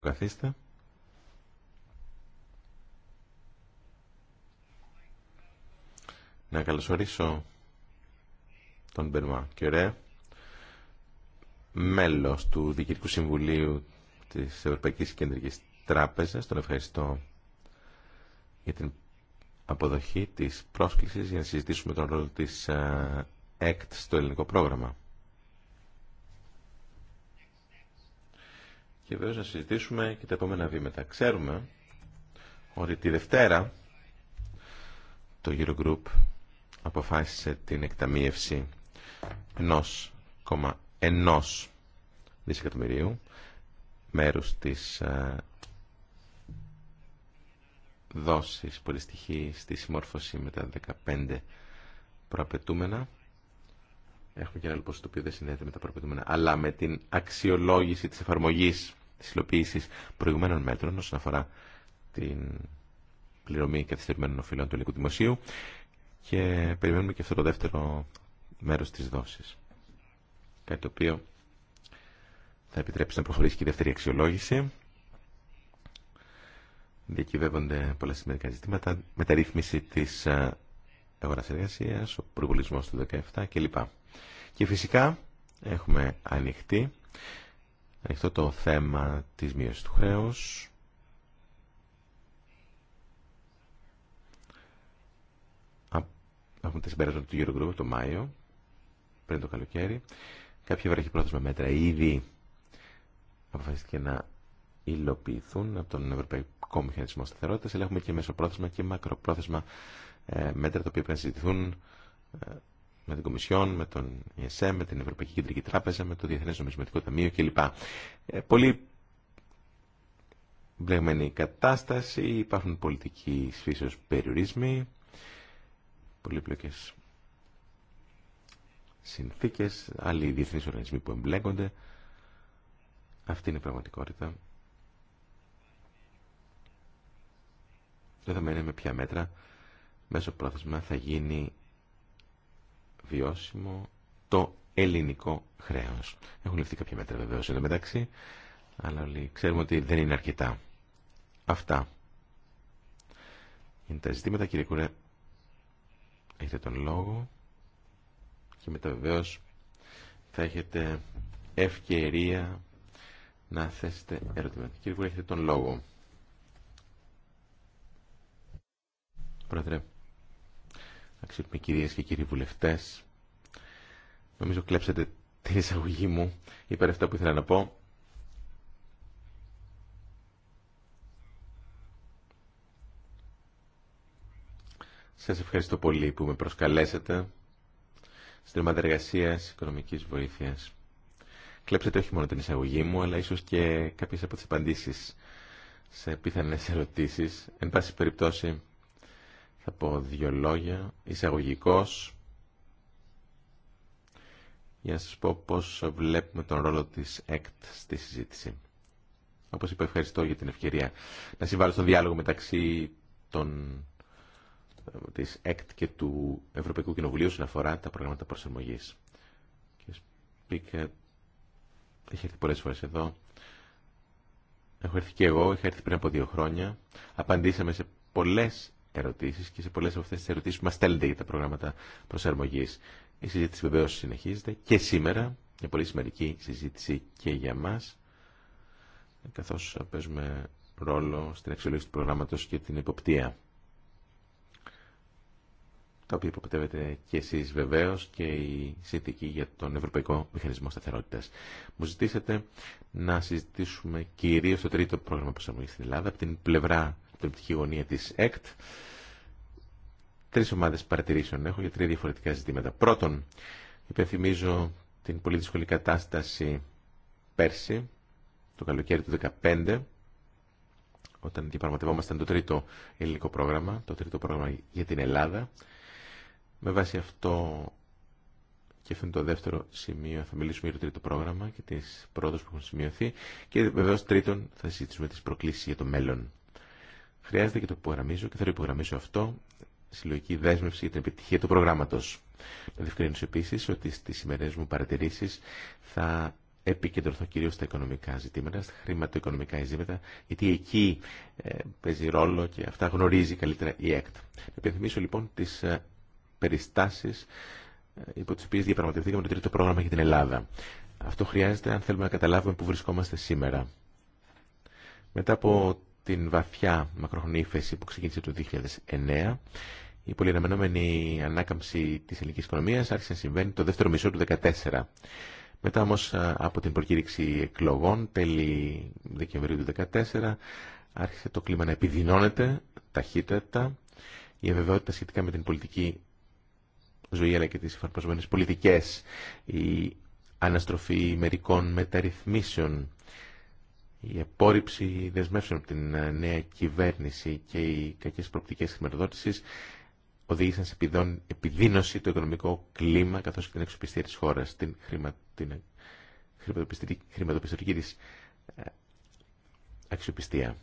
Καθίστε. Να καλωσορίσω τον Μπερμά Κερέ, μέλος του Διοικητικού Συμβουλίου της Ευρωπαϊκής Κεντρικής Τράπεζας. Τον ευχαριστώ για την αποδοχή της πρόσκλησης για να συζητήσουμε τον ρόλο της ε, ΕΚΤ στο ελληνικό πρόγραμμα. και βέβαια να συζητήσουμε και τα επόμενα βήματα. Ξέρουμε ότι τη Δευτέρα το Eurogroup αποφάσισε την εκταμείευση ενός, ενός δισεκατομμυρίου μέρους της ε, δόσης που στη συμμόρφωση με τα 15 προαπαιτούμενα. Έχουμε και ένα λοιπόν στο οποίο δεν συνδέεται με τα προαπαιτούμενα, αλλά με την αξιολόγηση της εφαρμογής τη υλοποίηση προηγουμένων μέτρων όσον αφορά την πληρωμή καθυστερημένων οφειλών του ελληνικού δημοσίου και περιμένουμε και αυτό το δεύτερο μέρο τη δόση, Κάτι το οποίο θα επιτρέψει να προχωρήσει και η δεύτερη αξιολόγηση. Διακυβεύονται πολλά σημαντικά ζητήματα, μεταρρύθμιση τη ε, αγορά εργασία, ο προπολογισμό του 2017 κλπ. Και φυσικά έχουμε ανοιχτή ανοιχτό το θέμα της μείωσης του χρέους. Έχουμε τα συμπέρασματα του Eurogroup το Μάιο, πριν το καλοκαίρι. Κάποια βραχυπρόθεσμα μέτρα ήδη αποφασίστηκε να υλοποιηθούν από τον Ευρωπαϊκό Μηχανισμό Σταθερότητας, αλλά έχουμε και μεσοπρόθεσμα και μακροπρόθεσμα ε, μέτρα τα οποία πρέπει να συζητηθούν ε, με την Κομισιόν, με τον ΕΣΕ, με την Ευρωπαϊκή Κεντρική Τράπεζα, με το Διεθνές Νομισματικό Ταμείο κλπ. Ε, πολύ μπλεγμένη κατάσταση, υπάρχουν πολιτικοί φύσεως περιορισμοί, πολύπλοκες συνθήκες, άλλοι διεθνείς οργανισμοί που εμπλέκονται. Αυτή είναι η πραγματικότητα. θα με ποια μέτρα μέσω πρόθεσμα θα γίνει βιώσιμο το ελληνικό χρέος. Έχουν ληφθεί κάποια μέτρα βεβαίως εδώ μεταξύ, αλλά όλοι ξέρουμε ότι δεν είναι αρκετά. Αυτά είναι τα ζητήματα, κύριε Κουρέ. Έχετε τον λόγο και μετά βεβαίως θα έχετε ευκαιρία να θέσετε ερωτήματα. Κύριε Κουρέ, έχετε τον λόγο. Πρόεδρε, αξιότιμοι κυρίε και κύριοι βουλευτές. Νομίζω κλέψατε την εισαγωγή μου υπέρ αυτά που ήθελα να πω. Σας ευχαριστώ πολύ που με προσκαλέσατε στην ομάδα εργασία οικονομικής βοήθειας. Κλέψατε όχι μόνο την εισαγωγή μου, αλλά ίσως και κάποιε από τι απαντήσει σε πιθανές ερωτήσεις. Εν πάση περιπτώσει, θα πω δύο λόγια εισαγωγικός για να σας πω πώς βλέπουμε τον ρόλο της ΕΚΤ στη συζήτηση. Όπως είπα, ευχαριστώ για την ευκαιρία να συμβάλλω στον διάλογο μεταξύ των, ε, της ΕΚΤ και του Ευρωπαϊκού Κοινοβουλίου συναφορά αφορά τα προγράμματα προσαρμογής. Και σπίκα, έχει έρθει πολλές φορές εδώ. Έχω έρθει και εγώ, είχα έρθει πριν από δύο χρόνια. Απαντήσαμε σε πολλές και σε πολλές από αυτές τις ερωτήσεις που μας στέλνετε για τα προγράμματα προσαρμογής. Η συζήτηση βεβαίω συνεχίζεται και σήμερα, μια πολύ σημαντική συζήτηση και για μας, καθώς παίζουμε ρόλο στην αξιολόγηση του προγράμματος και την υποπτία. Τα οποία υποπτεύετε και εσεί βεβαίω και η συνθήκη για τον Ευρωπαϊκό Μηχανισμό σταθερότητα. Μου ζητήσατε να συζητήσουμε κυρίω το τρίτο πρόγραμμα προσαρμογή στην Ελλάδα από την πλευρά τριπτική γωνία της ΕΚΤ. Τρεις ομάδες παρατηρήσεων έχω για τρία διαφορετικά ζητήματα. Πρώτον, υπενθυμίζω την πολύ δύσκολη κατάσταση πέρσι, το καλοκαίρι του 2015, όταν διαπραγματευόμασταν το τρίτο ελληνικό πρόγραμμα, το τρίτο πρόγραμμα για την Ελλάδα. Με βάση αυτό και αυτό είναι το δεύτερο σημείο, θα μιλήσουμε για το τρίτο πρόγραμμα και τις πρόοδους που έχουν σημειωθεί και βεβαίω τρίτον θα συζητήσουμε τις προκλήσεις για το μέλλον. Χρειάζεται και το υπογραμμίζω και θα το υπογραμμίσω αυτό συλλογική δέσμευση για την επιτυχία του προγράμματο. Να διευκρινίσω επίση ότι στι σημερινέ μου παρατηρήσει θα επικεντρωθώ κυρίω στα οικονομικά ζητήματα, στα χρηματοοικονομικά ζητήματα, γιατί εκεί ε, παίζει ρόλο και αυτά γνωρίζει καλύτερα η ΕΚΤ. Επιθυμίσω λοιπόν τι ε, περιστάσει ε, υπό τι οποίε διαπραγματευθήκαμε το τρίτο πρόγραμμα για την Ελλάδα. Αυτό χρειάζεται αν θέλουμε να καταλάβουμε που βρισκόμαστε σήμερα. Μετά από την βαθιά μακροχρονή ύφεση που ξεκίνησε το 2009, η πολυαναμενόμενη ανάκαμψη της ελληνικής οικονομίας άρχισε να συμβαίνει το δεύτερο μισό του 2014. Μετά όμως από την προκήρυξη εκλογών τέλη Δεκεμβρίου του 2014 άρχισε το κλίμα να επιδεινώνεται ταχύτερα. Η αβεβαιότητα σχετικά με την πολιτική ζωή αλλά και τις εφαρμοσμένες πολιτικές, η αναστροφή μερικών μεταρρυθμίσεων, η απόρριψη δεσμεύσεων από την ε, νέα κυβέρνηση και οι κακές προοπτικές χρηματοδότησης οδήγησαν σε επιδείνωση το οικονομικό κλίμα καθώς και την αξιοπιστία της χώρας, την, χρημα, ε, χρηματοπιστωτική, χρηματοπιστωτική της ε, αξιοπιστία.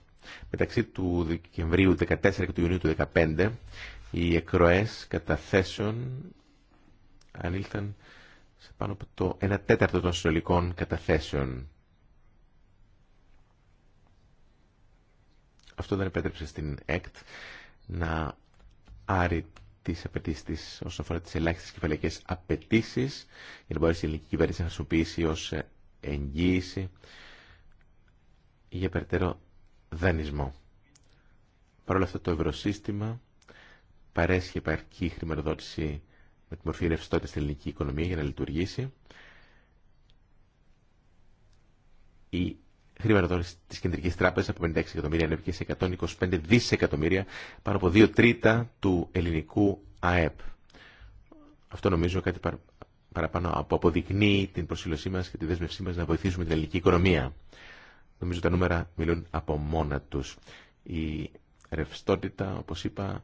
Μεταξύ του Δεκεμβρίου 14 και του Ιουνίου του 2015 οι εκροές καταθέσεων ανήλθαν σε πάνω από το 1 τέταρτο των συνολικών καταθέσεων αυτό δεν επέτρεψε στην ΕΚΤ να άρει τι απαιτήσει τη όσον αφορά τι ελάχιστε κεφαλαϊκέ απαιτήσει για να μπορέσει η ελληνική κυβέρνηση να χρησιμοποιήσει ω εγγύηση για περαιτέρω δανεισμό. Παρ' όλα αυτά το ευρωσύστημα παρέσχει επαρκή χρηματοδότηση με τη μορφή ρευστότητα στην ελληνική οικονομία για να λειτουργήσει χρήματα τη Κεντρική Τράπεζα από 56 εκατομμύρια ανέβηκε σε 125 δισεκατομμύρια, πάνω από 2 τρίτα του ελληνικού ΑΕΠ. Αυτό νομίζω κάτι παραπάνω από αποδεικνύει την προσήλωσή μα και τη δέσμευσή μα να βοηθήσουμε την ελληνική οικονομία. Νομίζω τα νούμερα μιλούν από μόνα του. Η ρευστότητα, όπω είπα,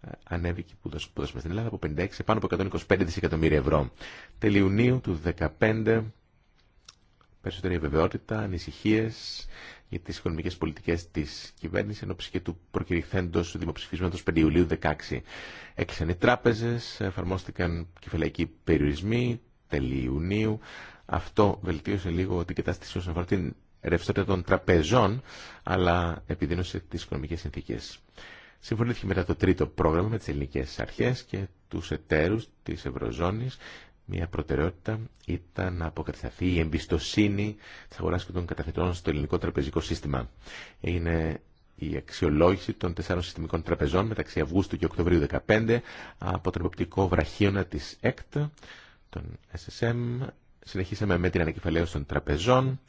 ε, ανέβηκε που δώσαμε στην Ελλάδα από 56 πάνω από 125 δισεκατομμύρια ευρώ. Τελειουνίου του 2015 περισσότερη βεβαιότητα, ανησυχίε για τις οικονομικές πολιτικές της κυβέρνησης ώψη και του προκηρυχθέντο του 5 Ιουλίου 2016. Έκλεισαν οι τράπεζες, εφαρμόστηκαν κεφαλαϊκοί περιορισμοί τέλη Ιουνίου. Αυτό βελτίωσε λίγο την κατάσταση όσον αφορά την ρευστότητα των τραπεζών, αλλά επιδίνωσε τις οικονομικές συνθήκε. Συμφωνήθηκε μετά το τρίτο πρόγραμμα με τι ελληνικέ αρχέ και του εταίρου τη Ευρωζώνη μια προτεραιότητα ήταν να αποκατασταθεί η εμπιστοσύνη τη αγορά και των καταθετών στο ελληνικό τραπεζικό σύστημα. Είναι η αξιολόγηση των τεσσάρων συστημικών τραπεζών μεταξύ Αυγούστου και Οκτωβρίου 2015 από τον υποπτικό βραχίωνα της ΕΚΤ, τον SSM. Συνεχίσαμε με την ανακεφαλαίωση των τραπεζών.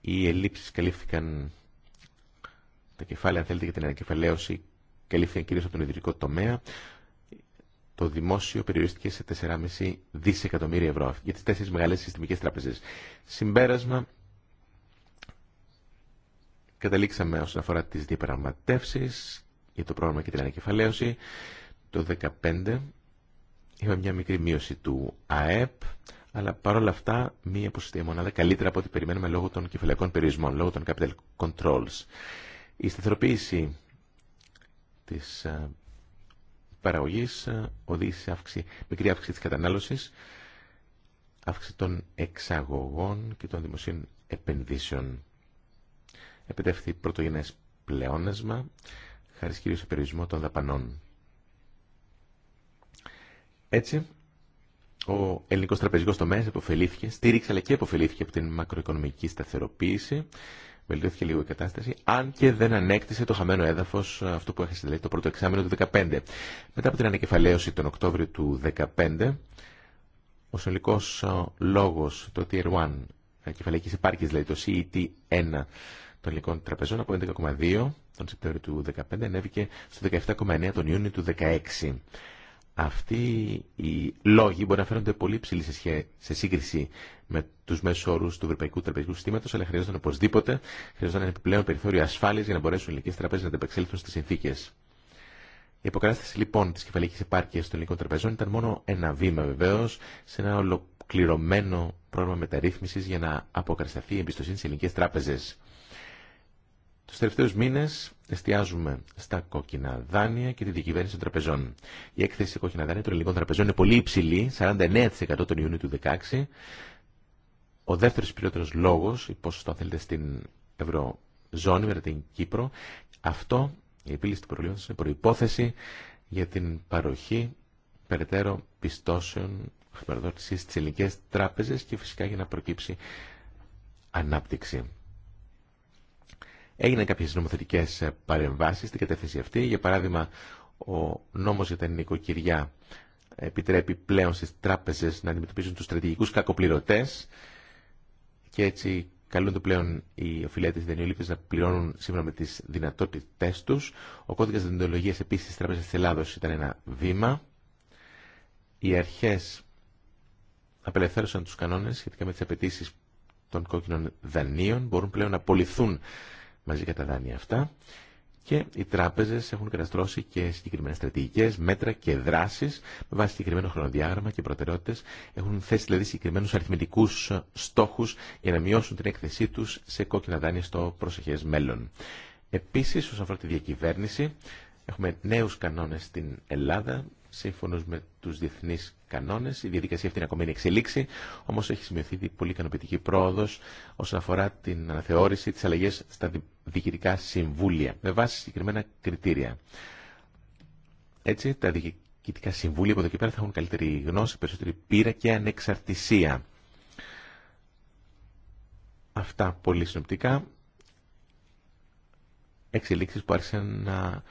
Οι ελλείψεις καλύφθηκαν τα κεφάλαια, αν θέλετε, για την ανακεφαλαίωση καλύφθηκαν κυρίως από τον ιδρυτικό τομέα το δημόσιο περιορίστηκε σε 4,5 δισεκατομμύρια ευρώ για τις τέσσερις μεγάλες συστημικές τράπεζες. Συμπέρασμα, καταλήξαμε όσον αφορά τις διαπραγματεύσεις για το πρόγραμμα και την ανακεφαλαίωση. Το 2015 είχαμε μια μικρή μείωση του ΑΕΠ, αλλά παρόλα αυτά μία ποσοστή μονάδα καλύτερα από ό,τι περιμένουμε λόγω των κεφαλαϊκών περιορισμών, λόγω των capital controls. Η σταθεροποίηση της ε, παραγωγή ε, οδήγησε σε αύξη, μικρή αύξηση τη κατανάλωση, αύξηση των εξαγωγών και των δημοσίων επενδύσεων. Επιτεύχθη πρωτογενέ πλεόνασμα, χάρη κυρίω σε περιορισμό των δαπανών. Έτσι, ο ελληνικό τραπεζικό τομέα υποφελήθηκε, στήριξε αλλά και υποφελήθηκε από την μακροοικονομική σταθεροποίηση, βελτιώθηκε λίγο η κατάσταση, αν και δεν ανέκτησε το χαμένο έδαφο ε, αυτό που έχασε δηλαδή, το πρώτο εξάμεινο του 2015. Μετά από την ανακεφαλαίωση τον Οκτώβριο του 2015, ο συνολικό ε, λόγο, το Tier 1, κεφαλαϊκή επάρκεια, δηλαδή το CET1 των ελληνικών τραπεζών, από 11,2 τον Σεπτέμβριο του 2015 ανέβηκε στο 17,9 τον Ιούνιο του 2016. Αυτοί οι λόγοι μπορεί να φαίνονται πολύ ψηλοί σε, σύγκριση με του μέσου όρου του Ευρωπαϊκού Τραπεζικού Συστήματο, αλλά χρειάζονταν οπωσδήποτε χρειάζονταν ένα επιπλέον περιθώριο ασφάλεια για να μπορέσουν οι ελληνικέ τραπέζε να ανταπεξέλθουν στι συνθήκε. Η αποκατάσταση λοιπόν τη κεφαλική επάρκεια των ελληνικών τραπεζών ήταν μόνο ένα βήμα βεβαίω σε ένα ολοκληρωμένο πρόγραμμα μεταρρύθμιση για να αποκατασταθεί η εμπιστοσύνη στι ελληνικέ τράπεζε. Τους τελευταίους μήνες εστιάζουμε στα κόκκινα δάνεια και τη διακυβέρνηση των τραπεζών. Η έκθεση σε κόκκινα δάνεια των ελληνικών τραπεζών είναι πολύ υψηλή, 49% τον Ιούνιο του 2016. Ο δεύτερος πληρότερος λόγος, η πόσο το αν θέλετε στην Ευρωζώνη, μετά την Κύπρο, αυτό, η επίλυση του προβλήματος, είναι προϋπόθεση για την παροχή περαιτέρω πιστώσεων χρηματοδότηση στι ελληνικέ τράπεζες και φυσικά για να προκύψει ανάπτυξη. Έγιναν κάποιες νομοθετικές ε, παρεμβάσεις στην κατεύθυνση αυτή. Για παράδειγμα, ο νόμος για τα νοικοκυριά επιτρέπει πλέον στις τράπεζες να αντιμετωπίζουν τους στρατηγικούς κακοπληρωτές και έτσι καλούνται πλέον οι οφειλέτες δανειολήπτες να πληρώνουν σύμφωνα με τις δυνατότητές τους. Ο κώδικας δεντολογίας επίσης της Τράπεζας της Ελλάδος ήταν ένα βήμα. Οι αρχές απελευθέρωσαν τους κανόνες σχετικά με τις απαιτήσει των κόκκινων δανείων. Μπορούν πλέον να πολιθούν με τα δάνεια αυτά και οι τράπεζες έχουν καταστρώσει και συγκεκριμένε στρατηγικέ μέτρα και δράσεις με βάση συγκεκριμένο χρονοδιάγραμμα και προτεραιότητε. Έχουν θέσει δηλαδή συγκεκριμένου αριθμητικούς στόχους για να μειώσουν την έκθεσή του σε κόκκινα δάνεια στο προσεχέ μέλλον. Επίσης, όσον αφορά τη διακυβέρνηση, έχουμε νέου κανόνε στην Ελλάδα σύμφωνος με τους διεθνείς κανόνες. Η διαδικασία αυτή είναι ακόμα είναι εξελίξη, όμως έχει σημειωθεί πολύ ικανοποιητική πρόοδος όσον αφορά την αναθεώρηση της αλλαγής στα διοικητικά συμβούλια, με βάση συγκεκριμένα κριτήρια. Έτσι, τα διοικητικά συμβούλια από εδώ και πέρα θα έχουν καλύτερη γνώση, περισσότερη πείρα και ανεξαρτησία. Αυτά πολύ συνοπτικά. Εξελίξεις που άρχισαν να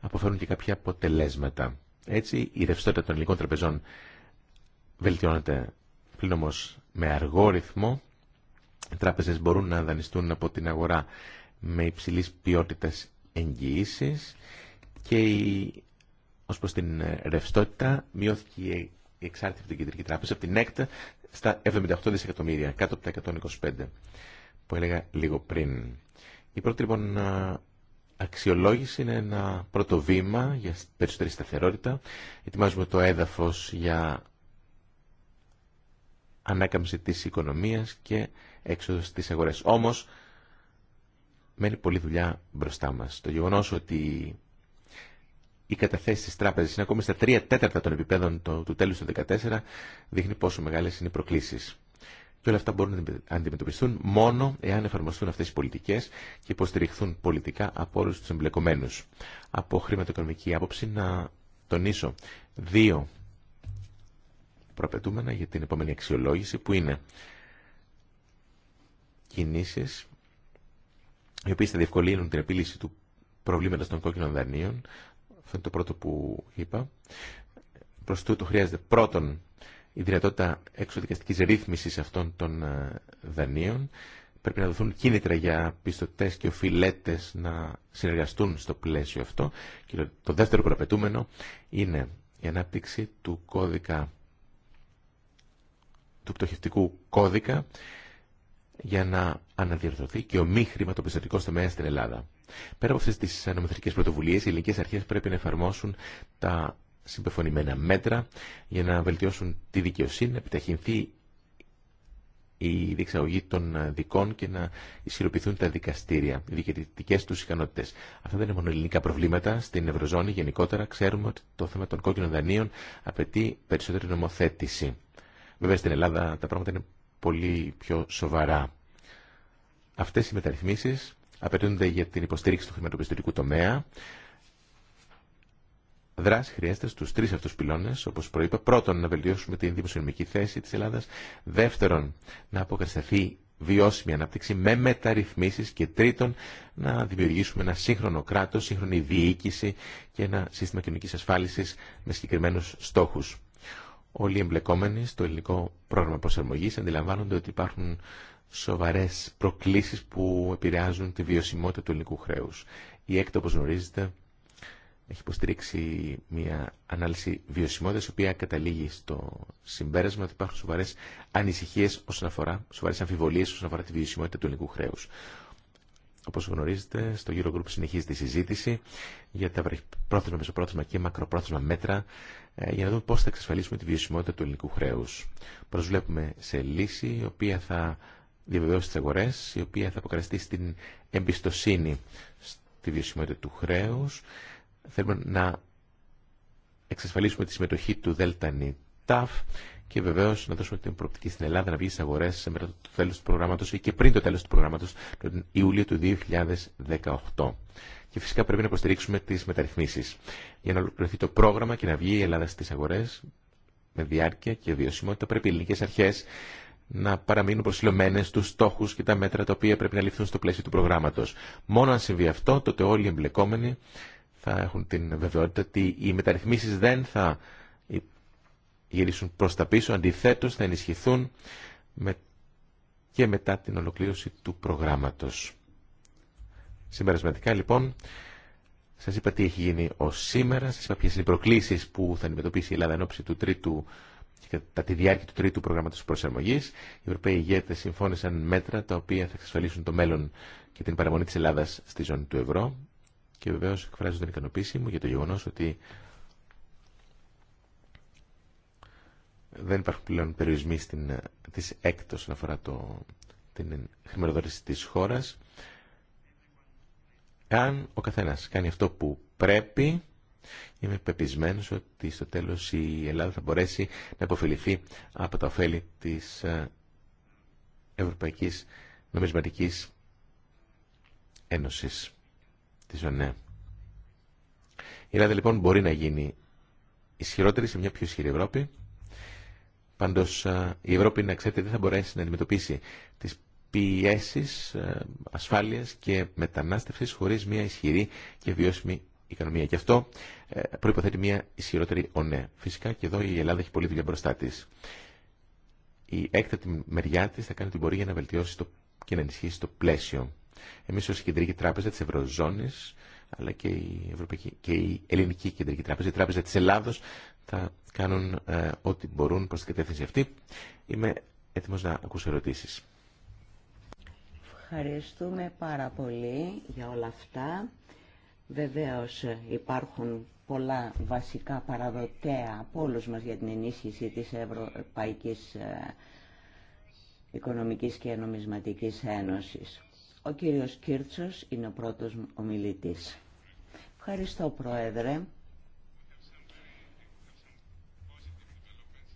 αποφέρουν και κάποια αποτελέσματα. Έτσι η ρευστότητα των ελληνικών τραπεζών βελτιώνεται πλην όμως με αργό ρυθμό. Οι τράπεζες μπορούν να δανειστούν από την αγορά με υψηλής ποιότητας εγγυήσεις και η, ως προς την ρευστότητα μειώθηκε η εξάρτηση από την Κεντρική Τράπεζα από την ΕΚΤ στα 78 δισεκατομμύρια, κάτω από τα 125 που έλεγα λίγο πριν. Η πρώτη λοιπόν αξιολόγηση είναι ένα πρώτο βήμα για περισσότερη σταθερότητα. Ετοιμάζουμε το έδαφος για ανάκαμψη της οικονομίας και έξοδος της αγορές. Όμως, μένει πολλή δουλειά μπροστά μας. Το γεγονός ότι οι καταθέσει τη τράπεζα είναι ακόμη στα 3 τέταρτα των επιπέδων του τέλου του 2014, δείχνει πόσο μεγάλε είναι οι προκλήσει. Και όλα αυτά μπορούν να αντιμετωπιστούν μόνο εάν εφαρμοστούν αυτέ οι πολιτικέ και υποστηριχθούν πολιτικά από όλου του εμπλεκομένου Από χρηματοοικονομική άποψη να τονίσω δύο προαπαιτούμενα για την επόμενη αξιολόγηση που είναι κινήσει οι οποίε θα διευκολύνουν την επίλυση του προβλήματος των κόκκινων δανείων. Αυτό είναι το πρώτο που είπα. Προ τούτο χρειάζεται πρώτον η δυνατότητα εξωδικαστικής ρύθμισης αυτών των ε, δανείων. Πρέπει να δοθούν κίνητρα για πιστωτές και οφειλέτες να συνεργαστούν στο πλαίσιο αυτό. Και το δεύτερο προαπαιτούμενο είναι η ανάπτυξη του κώδικα του πτωχευτικού κώδικα για να αναδιαρθρωθεί και ο μη χρηματοπιστωτικό τομέα στην Ελλάδα. Πέρα από αυτέ τι νομοθετικέ πρωτοβουλίε, οι ελληνικέ αρχέ πρέπει να εφαρμόσουν τα συμπεφωνημένα μέτρα για να βελτιώσουν τη δικαιοσύνη, να επιταχυνθεί η διεξαγωγή των δικών και να ισχυροποιηθούν τα δικαστήρια, οι διοικητικέ του ικανότητε. Αυτά δεν είναι μόνο ελληνικά προβλήματα. Στην Ευρωζώνη γενικότερα ξέρουμε ότι το θέμα των κόκκινων δανείων απαιτεί περισσότερη νομοθέτηση. Βέβαια στην Ελλάδα τα πράγματα είναι πολύ πιο σοβαρά. Αυτέ οι μεταρρυθμίσει απαιτούνται για την υποστήριξη του χρηματοπιστωτικού τομέα, δράση χρειάζεται στου τρει αυτού πυλώνε, όπω προείπα. Πρώτον, να βελτιώσουμε την δημοσιονομική θέση τη Ελλάδα. Δεύτερον, να αποκατασταθεί βιώσιμη ανάπτυξη με μεταρρυθμίσει. Και τρίτον, να δημιουργήσουμε ένα σύγχρονο κράτο, σύγχρονη διοίκηση και ένα σύστημα κοινωνική ασφάλιση με συγκεκριμένου στόχου. Όλοι οι εμπλεκόμενοι στο ελληνικό πρόγραμμα προσαρμογή αντιλαμβάνονται ότι υπάρχουν σοβαρέ προκλήσει που επηρεάζουν τη βιωσιμότητα του ελληνικού χρέου. Η ΕΚΤ, γνωρίζεται έχει υποστηρίξει μια ανάλυση βιωσιμότητας, η οποία καταλήγει στο συμπέρασμα ότι υπάρχουν σοβαρέ ανησυχίε όσον αφορά, σοβαρέ αμφιβολίε όσον αφορά τη βιωσιμότητα του ελληνικού χρέου. Όπω γνωρίζετε, στο Eurogroup συνεχίζεται η συζήτηση για τα πρόθεσμα, μεσοπρόθεσμα και μακροπρόθεσμα μέτρα ε, για να δούμε πώ θα εξασφαλίσουμε τη βιωσιμότητα του ελληνικού χρέου. Προσβλέπουμε σε λύση η οποία θα διαβεβαιώσει τι αγορέ, η οποία θα αποκραστεί στην εμπιστοσύνη στη βιωσιμότητα του χρέου. Θέλουμε να εξασφαλίσουμε τη συμμετοχή του ΔΝΤ και βεβαίω να δώσουμε την προοπτική στην Ελλάδα να βγει στι αγορέ μετά το τέλο του προγράμματο ή και πριν το τέλο του προγράμματο, τον Ιούλιο του 2018. Και φυσικά πρέπει να υποστηρίξουμε τι μεταρρυθμίσει για να ολοκληρωθεί το πρόγραμμα και να βγει η Ελλάδα στι αγορέ με διάρκεια και βιωσιμότητα. Πρέπει οι ελληνικέ αρχέ να παραμείνουν προσιλωμένε στου στόχου και τα μέτρα τα οποία πρέπει να ληφθούν στο πλαίσιο του προγράμματο. Μόνο αν συμβεί αυτό, τότε όλοι οι εμπλεκόμενοι θα έχουν την βεβαιότητα ότι οι μεταρρυθμίσεις δεν θα γυρίσουν προς τα πίσω, αντιθέτως θα ενισχυθούν με... και μετά την ολοκλήρωση του προγράμματος. Συμπερασματικά λοιπόν, σας είπα τι έχει γίνει ως σήμερα, σας είπα ποιες είναι οι προκλήσεις που θα αντιμετωπίσει η Ελλάδα εν του τρίτου και κατά τη διάρκεια του τρίτου προγράμματο προσαρμογή, οι Ευρωπαίοι ηγέτε συμφώνησαν μέτρα τα οποία θα εξασφαλίσουν το μέλλον και την παραμονή τη Ελλάδα στη ζώνη του ευρώ. Και βεβαίω εκφράζω την ικανοποίησή μου για το γεγονό ότι δεν υπάρχουν πλέον περιορισμοί στην, της έκτος όσον αφορά το, την χρηματοδότηση της χώρας. Αν ο καθένας κάνει αυτό που πρέπει, είμαι πεπισμένος ότι στο τέλος η Ελλάδα θα μπορέσει να υποφεληθεί από τα ωφέλη της ε, Ευρωπαϊκής Νομισματικής Ένωσης της ναι. Η Ελλάδα λοιπόν μπορεί να γίνει ισχυρότερη σε μια πιο ισχυρή Ευρώπη. Πάντως η Ευρώπη, να ξέρετε, δεν θα μπορέσει να αντιμετωπίσει τι πιέσει ασφάλεια και μετανάστευση χωρί μια ισχυρή και βιώσιμη οικονομία. Και αυτό ε, προποθέτει μια ισχυρότερη ΟΝΕ. Ναι. Φυσικά και εδώ η Ελλάδα έχει πολλή δουλειά μπροστά τη. Η έκτατη μεριά τη θα κάνει την πορεία να βελτιώσει το και να ενισχύσει το πλαίσιο. Εμείς ως Κεντρική Τράπεζα της Ευρωζώνης, αλλά και η, Ευρωπαϊκή, και η Ελληνική Κεντρική Τράπεζα, η Τράπεζα της Ελλάδος, θα κάνουν ε, ό,τι μπορούν προς την κατεύθυνση αυτή. Είμαι έτοιμος να ακούσω ερωτήσεις. Ευχαριστούμε πάρα πολύ για όλα αυτά. Βεβαίως ε, υπάρχουν πολλά βασικά παραδοτέα από όλους μας για την ενίσχυση της Ευρωπαϊκής ε, Οικονομικής και Νομισματικής Ένωσης. Ο κύριος Κύρτσος είναι ο πρώτος ομιλητής. Ευχαριστώ, Πρόεδρε.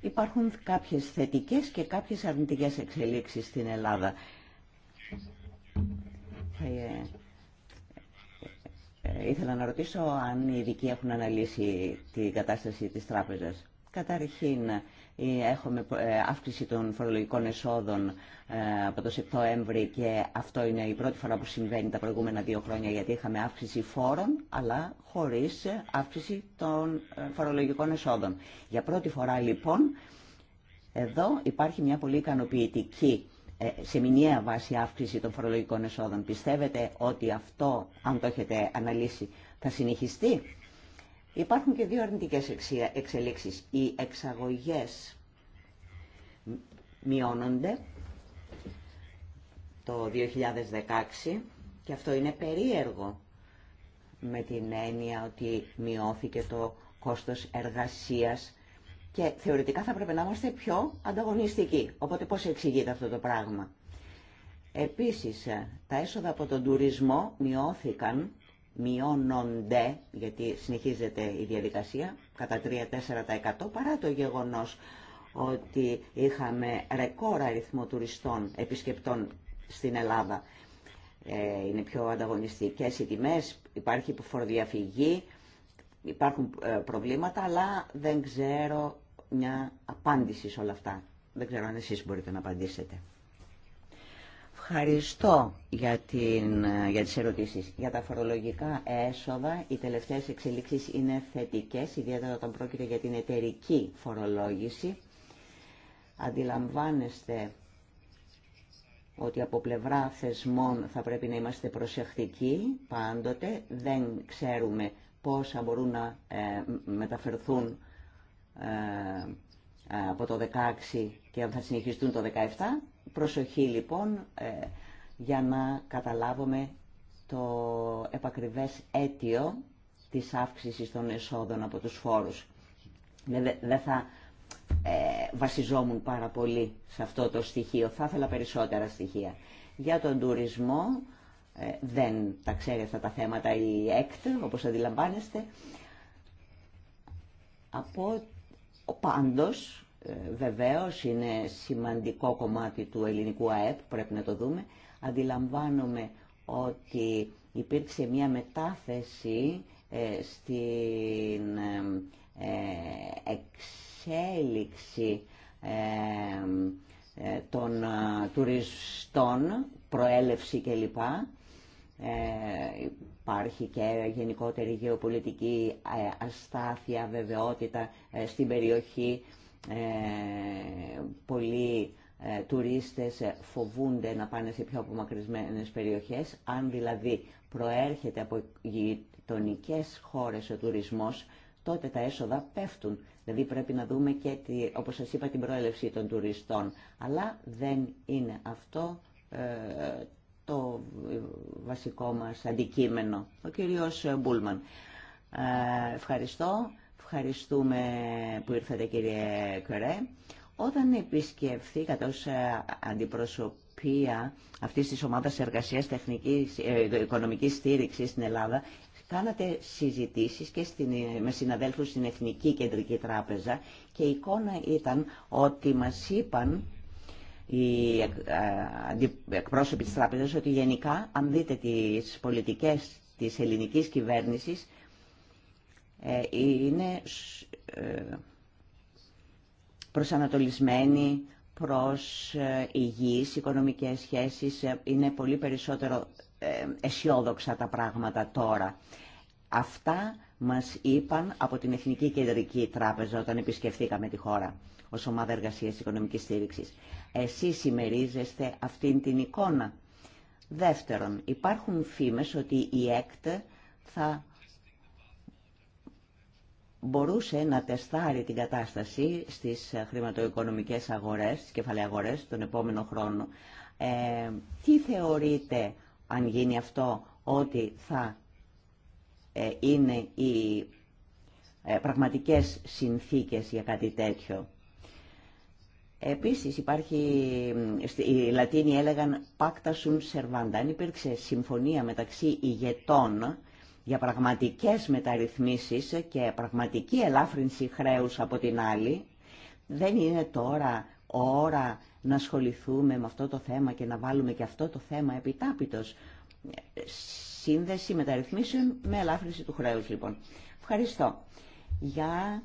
Υπάρχουν κάποιες θετικές και κάποιες αρνητικές εξελίξεις στην Ελλάδα. Ε, ε, ε, ήθελα να ρωτήσω αν οι ειδικοί έχουν αναλύσει την κατάσταση της τράπεζας. Καταρχήν, ε, έχουμε ε, αύξηση των φορολογικών εσόδων ε, από το Σεπτέμβρη και αυτό είναι η πρώτη φορά που συμβαίνει τα προηγούμενα δύο χρόνια γιατί είχαμε αύξηση φόρων αλλά χωρίς αύξηση των φορολογικών εσόδων. Για πρώτη φορά λοιπόν εδώ υπάρχει μια πολύ ικανοποιητική σε μηνιαία βάση αύξηση των φορολογικών εσόδων. Πιστεύετε ότι αυτό, αν το έχετε αναλύσει, θα συνεχιστεί Υπάρχουν και δύο αρνητικές εξελίξεις. Οι εξαγωγές μειώνονται το 2016 και αυτό είναι περίεργο με την έννοια ότι μειώθηκε το κόστος εργασίας και θεωρητικά θα πρέπει να είμαστε πιο ανταγωνιστικοί. Οπότε πώς εξηγείται αυτό το πράγμα. Επίσης, τα έσοδα από τον τουρισμό μειώθηκαν μειώνονται, γιατί συνεχίζεται η διαδικασία, κατά 3-4% παρά το γεγονός ότι είχαμε ρεκόρ αριθμό τουριστών επισκεπτών στην Ελλάδα. Ε, είναι πιο ανταγωνιστικές οι τιμές, υπάρχει φοροδιαφυγή, υπάρχουν ε, προβλήματα, αλλά δεν ξέρω μια απάντηση σε όλα αυτά. Δεν ξέρω αν εσείς μπορείτε να απαντήσετε. Ευχαριστώ για, την, για τις ερωτήσεις. Για τα φορολογικά έσοδα, οι τελευταίες εξελίξεις είναι θετικές, ιδιαίτερα όταν πρόκειται για την εταιρική φορολόγηση. Αντιλαμβάνεστε ότι από πλευρά θεσμών θα πρέπει να είμαστε προσεκτικοί πάντοτε. Δεν ξέρουμε πόσα μπορούν να ε, μεταφερθούν ε, ε, από το 16 και αν θα συνεχιστούν το 17 Προσοχή λοιπόν ε, για να καταλάβουμε το επακριβές αίτιο της αύξησης των εσόδων από τους φόρους. Δεν θα ε, βασιζόμουν πάρα πολύ σε αυτό το στοιχείο. Θα ήθελα περισσότερα στοιχεία. Για τον τουρισμό ε, δεν τα ξέρει αυτά τα θέματα η ΕΚΤ, όπως αντιλαμβάνεστε. Από πάντως βεβαίως είναι σημαντικό κομμάτι του ελληνικού ΑΕΠ, πρέπει να το δούμε. Αντιλαμβάνομαι ότι υπήρξε μια μετάθεση ε, στην ε, ε, εξέλιξη των τουριστών, προέλευση κλπ. υπάρχει και γενικότερη γεωπολιτική αστάθεια, βεβαιότητα στην περιοχή ε, πολλοί ε, τουρίστες ε, φοβούνται να πάνε σε πιο απομακρυσμένες περιοχές. Αν δηλαδή προέρχεται από γειτονικέ χώρες ο τουρισμός, τότε τα έσοδα πέφτουν. Δηλαδή πρέπει να δούμε και, τη, όπως σας είπα, την προέλευση των τουριστών. Αλλά δεν είναι αυτό το βασικό μας αντικείμενο. Ο κύριος Μπούλμαν. Ευχαριστώ. Ευχαριστούμε που ήρθατε κύριε Κορέ. Όταν επισκεφθήκατε ως ε, αντιπροσωπεία αυτής της ομάδας εργασίας τεχνικής, ε, οικονομικής στήριξης στην Ελλάδα, κάνατε συζητήσεις και ε, με συναδέλφους στην Εθνική Κεντρική Τράπεζα και η εικόνα ήταν ότι μας είπαν οι ε, εκπρόσωποι της τράπεζας ότι γενικά αν δείτε τις πολιτικές της ελληνικής κυβέρνησης ε, είναι ε, προσανατολισμένη προς ε, υγιείς οικονομικές σχέσεις. Είναι πολύ περισσότερο αισιόδοξα τα πράγματα τώρα. Αυτά μας είπαν από την Εθνική Κεντρική Τράπεζα όταν επισκεφθήκαμε τη χώρα ως ομάδα εργασίας οικονομικής στήριξης. Εσείς ημερίζεστε αυτήν την εικόνα. Δεύτερον, υπάρχουν φήμες ότι η ΕΚΤ θα μπορούσε να τεστάρει την κατάσταση στις χρηματοοικονομικές αγορές, στις κεφαλαίες τον επόμενο χρόνο. Ε, τι θεωρείτε, αν γίνει αυτό, ότι θα ε, είναι οι ε, πραγματικές συνθήκες για κάτι τέτοιο. Επίσης υπάρχει, οι Λατίνοι έλεγαν «pacta sunt servanda». Αν υπήρξε συμφωνία μεταξύ ηγετών για πραγματικές μεταρρυθμίσεις και πραγματική ελάφρυνση χρέους από την άλλη, δεν είναι τώρα ώρα να ασχοληθούμε με αυτό το θέμα και να βάλουμε και αυτό το θέμα επιτάπητος. Σύνδεση μεταρρυθμίσεων με ελάφρυνση του χρέους λοιπόν. Ευχαριστώ για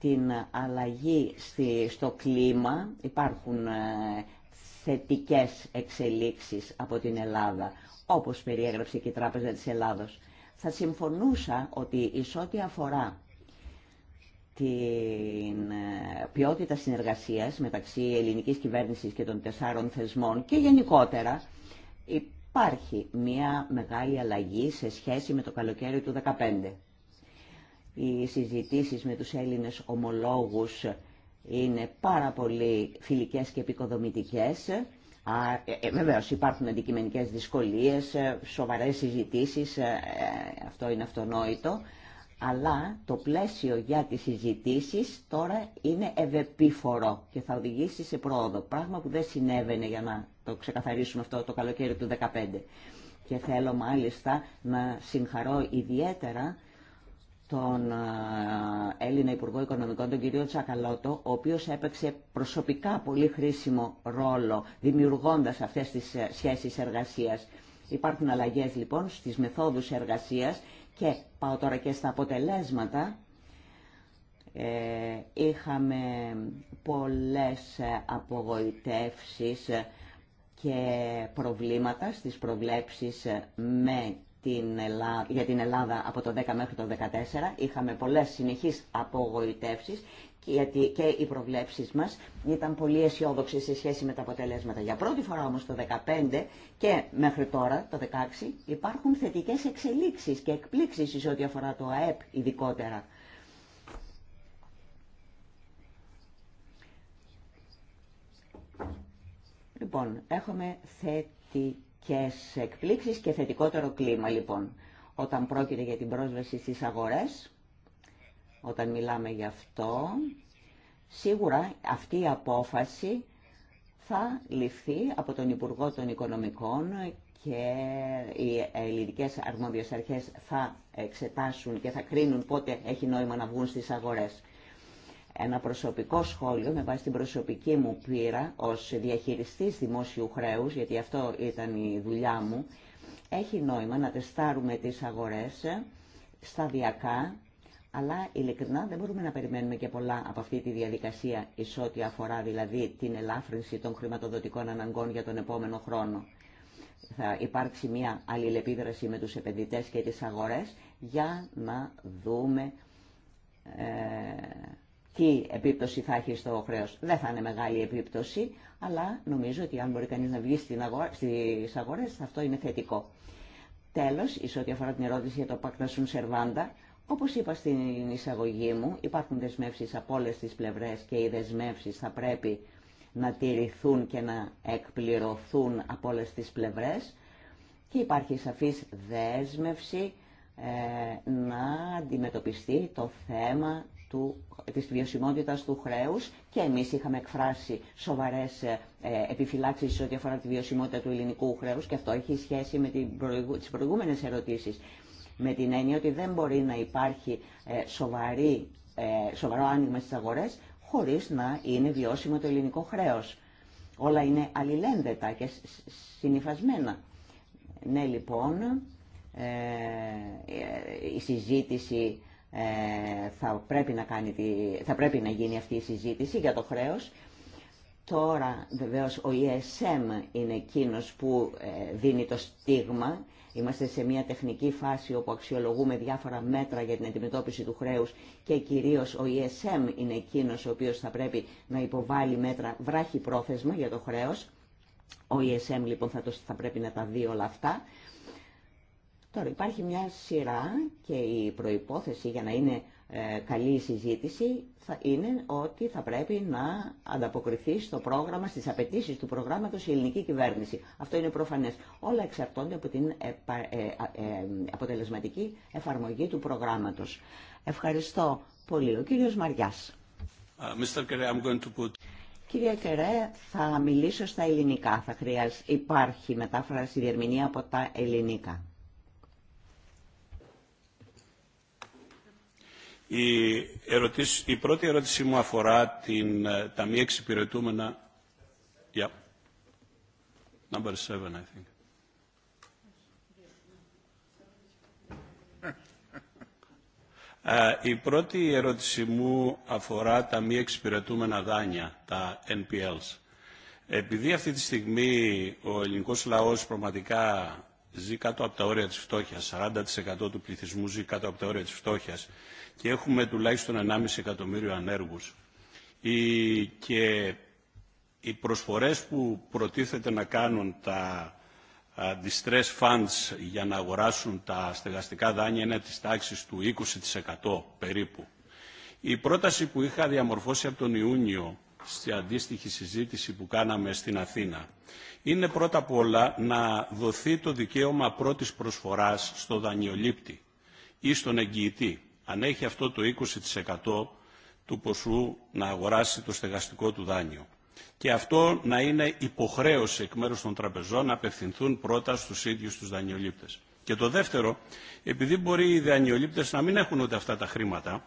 την αλλαγή στο κλίμα. Υπάρχουν ε, θετικές εξελίξεις από την Ελλάδα όπως περιέγραψε και η Τράπεζα της Ελλάδος. Θα συμφωνούσα ότι η ό,τι αφορά την ε, ποιότητα συνεργασίας μεταξύ ελληνικής κυβέρνησης και των τεσσάρων θεσμών και γενικότερα υπάρχει μια μεγάλη αλλαγή σε σχέση με το καλοκαίρι του 2015. Οι συζητήσεις με τους Έλληνες ομολόγους είναι πάρα πολύ φιλικές και επικοδομητικές Βεβαίω, ε, βεβαίως υπάρχουν αντικειμενικές δυσκολίες, ε, σοβαρές συζητήσεις, ε, αυτό είναι αυτονόητο, αλλά το πλαίσιο για τις συζητήσεις τώρα είναι ευεπίφορο και θα οδηγήσει σε πρόοδο, πράγμα που δεν συνέβαινε για να το ξεκαθαρίσουμε αυτό το καλοκαίρι του 2015. Και θέλω μάλιστα να συγχαρώ ιδιαίτερα τον ε, Έλληνα Υπουργό Οικονομικών, τον κύριο Τσακαλώτο, ο οποίος έπαιξε προσωπικά πολύ χρήσιμο ρόλο, δημιουργώντας αυτές τις ε, σχέσεις εργασίας. Υπάρχουν αλλαγές λοιπόν στις μεθόδους εργασίας και πάω τώρα και στα αποτελέσματα. Ε, είχαμε πολλές απογοητεύσεις και προβλήματα στις προβλέψεις με την Ελλάδα, για την Ελλάδα από το 10 μέχρι το 14. Είχαμε πολλές συνεχείς απογοητεύσεις γιατί και οι προβλέψεις μας ήταν πολύ αισιόδοξε σε σχέση με τα αποτελέσματα. Για πρώτη φορά όμως το 2015 και μέχρι τώρα το 2016 υπάρχουν θετικές εξελίξεις και εκπλήξεις σε ό,τι αφορά το ΑΕΠ ειδικότερα. Λοιπόν, έχουμε θετικές και σε εκπλήξεις και θετικότερο κλίμα λοιπόν. Όταν πρόκειται για την πρόσβαση στις αγορές, όταν μιλάμε γι' αυτό, σίγουρα αυτή η απόφαση θα ληφθεί από τον Υπουργό των Οικονομικών και οι ελληνικές αρμόδιες αρχές θα εξετάσουν και θα κρίνουν πότε έχει νόημα να βγουν στις αγορές ένα προσωπικό σχόλιο με βάση την προσωπική μου πείρα ως διαχειριστής δημόσιου χρέους, γιατί αυτό ήταν η δουλειά μου, έχει νόημα να τεστάρουμε τις αγορές σταδιακά, αλλά ειλικρινά δεν μπορούμε να περιμένουμε και πολλά από αυτή τη διαδικασία, εις ό,τι αφορά δηλαδή την ελάφρυνση των χρηματοδοτικών αναγκών για τον επόμενο χρόνο. Θα υπάρξει μια αλληλεπίδραση με τους επενδυτές και τις αγορές για να δούμε ε, τι επίπτωση θα έχει στο χρέο. Δεν θα είναι μεγάλη επίπτωση, αλλά νομίζω ότι αν μπορεί κανεί να βγει στι αγορέ, αυτό είναι θετικό. Τέλο, ει ό,τι αφορά την ερώτηση για το Πάκτα Σερβάντα, όπω είπα στην εισαγωγή μου, υπάρχουν δεσμεύσει από όλε τι πλευρέ και οι δεσμεύσει θα πρέπει να τηρηθούν και να εκπληρωθούν από όλε τι πλευρέ και υπάρχει σαφή δέσμευση ε, να αντιμετωπιστεί το θέμα του, της βιωσιμότητας του χρέους και εμείς είχαμε εκφράσει σοβαρές ε, επιφυλάξεις σε ό,τι αφορά τη βιωσιμότητα του ελληνικού χρέους και αυτό έχει σχέση με την προηγου, τις προηγούμενες ερωτήσεις. Με την έννοια ότι δεν μπορεί να υπάρχει ε, σοβαρή, ε, σοβαρό άνοιγμα στις αγορές χωρίς να είναι βιώσιμο το ελληνικό χρέος. Όλα είναι αλληλένδετα και συνειφασμένα. Ναι, λοιπόν, ε, η συζήτηση ε, θα, πρέπει να κάνει τη, θα πρέπει να γίνει αυτή η συζήτηση για το χρέος. Τώρα βεβαίως ο ESM είναι εκείνο που ε, δίνει το στίγμα. Είμαστε σε μια τεχνική φάση όπου αξιολογούμε διάφορα μέτρα για την αντιμετώπιση του χρέους και κυρίως ο ESM είναι εκείνο ο οποίος θα πρέπει να υποβάλει μέτρα βράχη πρόθεσμα για το χρέος. Ο ESM λοιπόν θα, το, θα πρέπει να τα δει όλα αυτά. Τώρα υπάρχει μια σειρά και η προϋπόθεση για να είναι ε, καλή η συζήτηση θα είναι ότι θα πρέπει να ανταποκριθεί στο πρόγραμμα, στις απαιτήσεις του προγράμματος η ελληνική κυβέρνηση. Αυτό είναι προφανές. Όλα εξαρτώνται από την ε, ε, αποτελεσματική εφαρμογή του προγράμματος. Ευχαριστώ πολύ. Ο κύριος Μαριάς. Κύριε Κερέ, θα μιλήσω στα ελληνικά. Θα χρειάζεται. Υπάρχει μετάφραση διερμηνία από τα ελληνικά. Η, ερωτήση, η πρώτη ερώτηση μου αφορά την, ε, τα μη εξυπηρετούμενα... Yeah. Number seven, I ε, Η πρώτη ερώτηση μου αφορά τα μη εξυπηρετούμενα δάνεια, τα NPLs. Επειδή αυτή τη στιγμή ο ελληνικός λαός πραγματικά ζει κάτω από τα όρια της φτώχειας, 40% του πληθυσμού ζει κάτω από τα όρια της φτώχειας και έχουμε τουλάχιστον 1,5 εκατομμύριο ανέργους. και οι προσφορές που προτίθεται να κάνουν τα distress funds για να αγοράσουν τα στεγαστικά δάνεια είναι της τάξης του 20% περίπου. Η πρόταση που είχα διαμορφώσει από τον Ιούνιο στη αντίστοιχη συζήτηση που κάναμε στην Αθήνα είναι πρώτα απ' όλα να δοθεί το δικαίωμα πρώτης προσφοράς στο δανειολήπτη ή στον εγγυητή. Αν έχει αυτό το 20% του ποσού να αγοράσει το στεγαστικό του δάνειο. Και αυτό να είναι υποχρέωση εκ μέρους των τραπεζών να απευθυνθούν πρώτα στους ίδιους τους δανειολήπτες. Και το δεύτερο, επειδή μπορεί οι δανειολήπτες να μην έχουν ούτε αυτά τα χρήματα,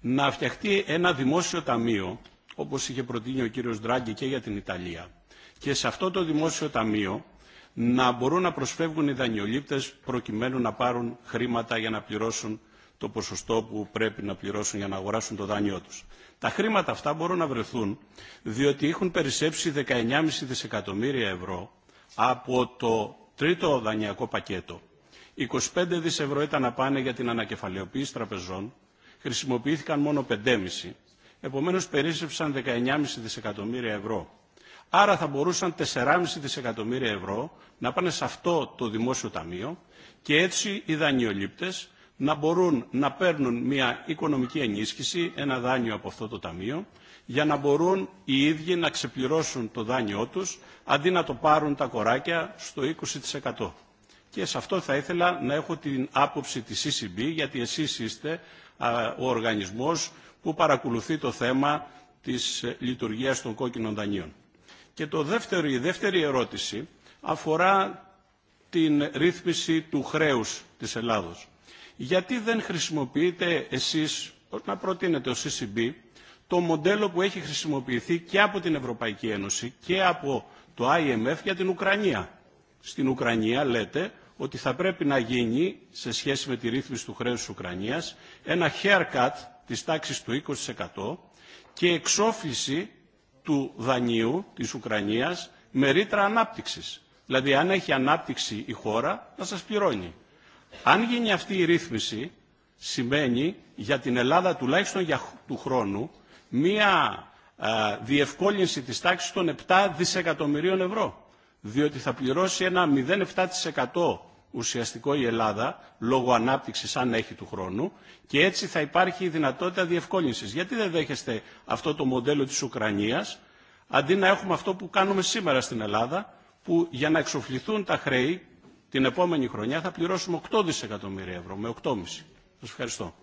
να φτιαχτεί ένα δημόσιο ταμείο όπως είχε προτείνει ο κύριος Δράγκη και για την Ιταλία. Και σε αυτό το δημόσιο ταμείο να μπορούν να προσφεύγουν οι δανειολήπτες προκειμένου να πάρουν χρήματα για να πληρώσουν το ποσοστό που πρέπει να πληρώσουν για να αγοράσουν το δάνειό τους. Τα χρήματα αυτά μπορούν να βρεθούν διότι έχουν περισσέψει 19,5 δισεκατομμύρια ευρώ από το τρίτο δανειακό πακέτο. 25 δισευρώ ευρώ ήταν να πάνε για την ανακεφαλαιοποίηση τραπεζών, χρησιμοποιήθηκαν μόνο 5,5 επομένως περίσσεψαν 19,5 δισεκατομμύρια ευρώ. Άρα θα μπορούσαν 4,5 δισεκατομμύρια ευρώ να πάνε σε αυτό το δημόσιο ταμείο και έτσι οι δανειολήπτες να μπορούν να παίρνουν μια οικονομική ενίσχυση, ένα δάνειο από αυτό το ταμείο, για να μπορούν οι ίδιοι να ξεπληρώσουν το δάνειό τους, αντί να το πάρουν τα κοράκια στο 20%. Και σε αυτό θα ήθελα να έχω την άποψη της ECB, γιατί εσείς είστε ο οργανισμός που παρακολουθεί το θέμα της ε, λειτουργίας των κόκκινων δανείων. Και το δεύτερο, η δεύτερη ερώτηση αφορά την ρύθμιση του χρέους της Ελλάδος. Γιατί δεν χρησιμοποιείτε εσείς, να προτείνετε ο CCB, το μοντέλο που έχει χρησιμοποιηθεί και από την Ευρωπαϊκή Ένωση και από το IMF για την Ουκρανία. Στην Ουκρανία λέτε ότι θα πρέπει να γίνει, σε σχέση με τη ρύθμιση του χρέους της Ουκρανίας, ένα haircut της τάξης του 20% και εξόφληση του δανείου της Ουκρανίας με ρήτρα ανάπτυξης. Δηλαδή αν έχει ανάπτυξη η χώρα να σας πληρώνει. Αν γίνει αυτή η ρύθμιση σημαίνει για την Ελλάδα τουλάχιστον για του χρόνου μία διευκόλυνση της τάξης των 7 δισεκατομμυρίων ευρώ. Διότι θα πληρώσει ένα 0,7% ουσιαστικό η Ελλάδα, λόγω ανάπτυξη, αν έχει του χρόνου, και έτσι θα υπάρχει η δυνατότητα διευκόλυνση. Γιατί δεν δέχεστε αυτό το μοντέλο της Ουκρανίας, αντί να έχουμε αυτό που κάνουμε σήμερα στην Ελλάδα, που για να εξοφληθούν τα χρέη την επόμενη χρονιά θα πληρώσουμε 8 δισεκατομμύρια ευρώ, με 8,5. Σα ευχαριστώ.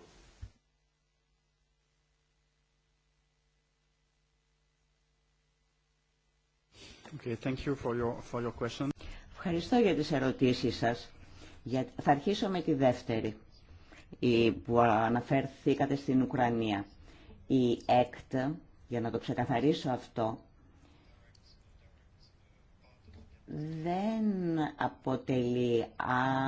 Okay, thank you for your, for your Ευχαριστώ για τις ερωτήσεις σας. Για... Θα αρχίσω με τη δεύτερη που αναφέρθηκατε στην Ουκρανία. Η ΕΚΤ, για να το ξεκαθαρίσω αυτό, δεν αποτελεί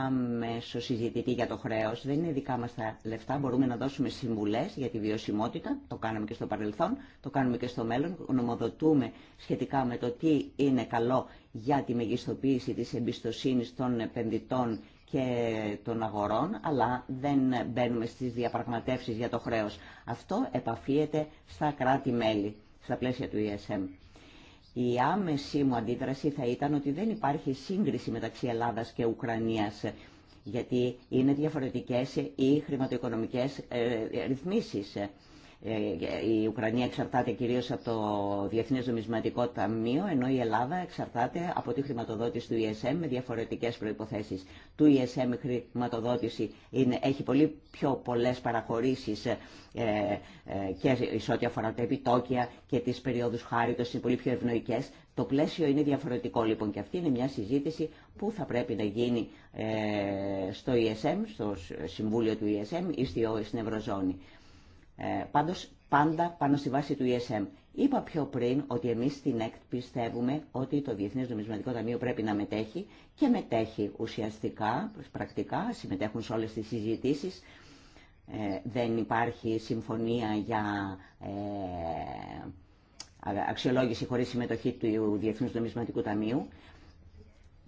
άμεσο συζητητή για το χρέος, δεν είναι δικά μας τα λεφτά, μπορούμε να δώσουμε συμβουλές για τη βιωσιμότητα, το κάναμε και στο παρελθόν, το κάνουμε και στο μέλλον, Ονομοδοτούμε σχετικά με το τι είναι καλό για τη μεγιστοποίηση της εμπιστοσύνης των επενδυτών και των αγορών, αλλά δεν μπαίνουμε στις διαπραγματεύσεις για το χρέος. Αυτό επαφίεται στα κράτη-μέλη, στα πλαίσια του ESM. Η άμεση μου αντίδραση θα ήταν ότι δεν υπάρχει σύγκριση μεταξύ Ελλάδας και Ουκρανίας, γιατί είναι διαφορετικές οι χρηματοοικονομικές ε, ρυθμίσεις. Ε, η Ουκρανία εξαρτάται κυρίως από το Διεθνές Νομισματικό Ταμείο, ενώ η Ελλάδα εξαρτάται από τη χρηματοδότηση του ESM με διαφορετικές προϋποθέσεις. Του ESM η χρηματοδότηση είναι, έχει πολύ πιο πολλές παραχωρήσεις ε, ε, και σε ό,τι αφορά τα επιτόκια και τις περιόδους χάριτος είναι πολύ πιο ευνοϊκές. Το πλαίσιο είναι διαφορετικό λοιπόν και αυτή είναι μια συζήτηση που θα πρέπει να γίνει ε, στο ESM, στο Συμβούλιο του ESM ή στην Ευρωζώνη. Ε, πάντως, πάντα πάνω στη βάση του ESM. Είπα πιο πριν ότι εμείς στην ΕΚΤ πιστεύουμε ότι το Διεθνές Νομισματικό Ταμείο πρέπει να μετέχει και μετέχει ουσιαστικά, πρακτικά, συμμετέχουν σε όλες τις συζητήσεις. Ε, δεν υπάρχει συμφωνία για ε, αξιολόγηση χωρίς συμμετοχή του Διεθνούς Νομισματικού Ταμείου.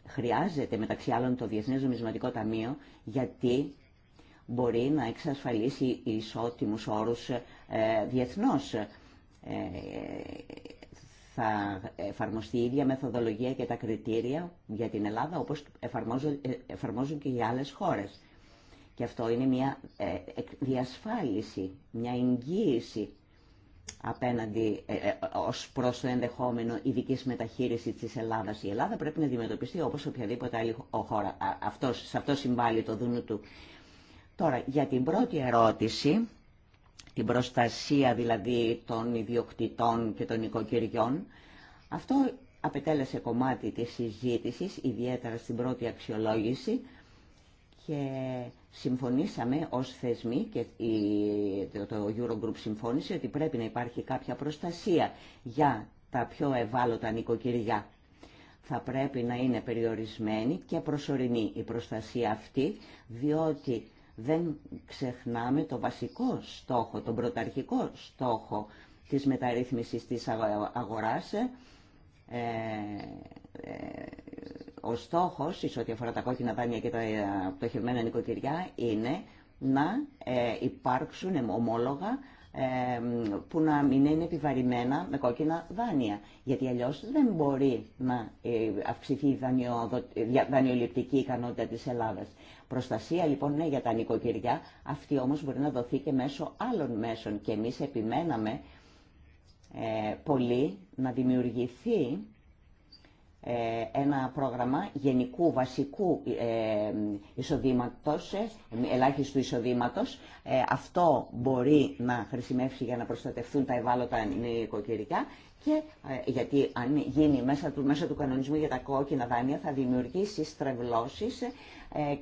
Χρειάζεται μεταξύ άλλων το Διεθνές Νομισματικό Ταμείο γιατί μπορεί να εξασφαλίσει ισότιμους όρους ε, διεθνώς. Ε, θα εφαρμοστεί η ίδια μεθοδολογία και τα κριτήρια για την Ελλάδα όπως εφαρμόζουν, ε, εφαρμόζουν και οι άλλες χώρες. Και αυτό είναι μια ε, διασφάλιση, μια εγγύηση απέναντι ε, ως προς το ενδεχόμενο ειδική μεταχείριση της Ελλάδας. Η Ελλάδα πρέπει να αντιμετωπιστεί όπως οποιαδήποτε άλλη χώρα. Αυτός, σε αυτό συμβάλλει το δούνο του Τώρα, για την πρώτη ερώτηση, την προστασία δηλαδή των ιδιοκτητών και των οικοκυριών, αυτό απετέλεσε κομμάτι της συζήτησης, ιδιαίτερα στην πρώτη αξιολόγηση, και συμφωνήσαμε ως θεσμοί και το Eurogroup συμφώνησε ότι πρέπει να υπάρχει κάποια προστασία για τα πιο ευάλωτα νοικοκυριά. Θα πρέπει να είναι περιορισμένη και προσωρινή η προστασία αυτή, διότι δεν ξεχνάμε το βασικό στόχο, τον πρωταρχικό στόχο της μεταρρύθμισης της αγοράς. Ε, ε, ο στόχος, εις ό,τι αφορά τα κόκκινα δάνεια και τα πτωχευμένα νοικοκυριά, είναι να ε, υπάρξουν ε, ομόλογα που να μην είναι επιβαρημένα με κόκκινα δάνεια. Γιατί αλλιώς δεν μπορεί να ε, αυξηθεί η ε, δανειοληπτική ικανότητα της Ελλάδας. Προστασία λοιπόν ναι για τα νοικοκυριά, αυτή όμως μπορεί να δοθεί και μέσω άλλων μέσων. Και εμεί επιμέναμε ε, πολύ να δημιουργηθεί ε, ένα πρόγραμμα γενικού βασικού ε, εισοδήματος, ε, ελάχιστου εισοδήματος. Αυτό μπορεί να χρησιμεύσει για να προστατευτούν τα ευάλωτα νοικοκυριά και, ε, γιατί αν γίνει μέσα του, μέσα του κανονισμού για τα κόκκινα δάνεια θα δημιουργήσει στρεβλώσεις ε,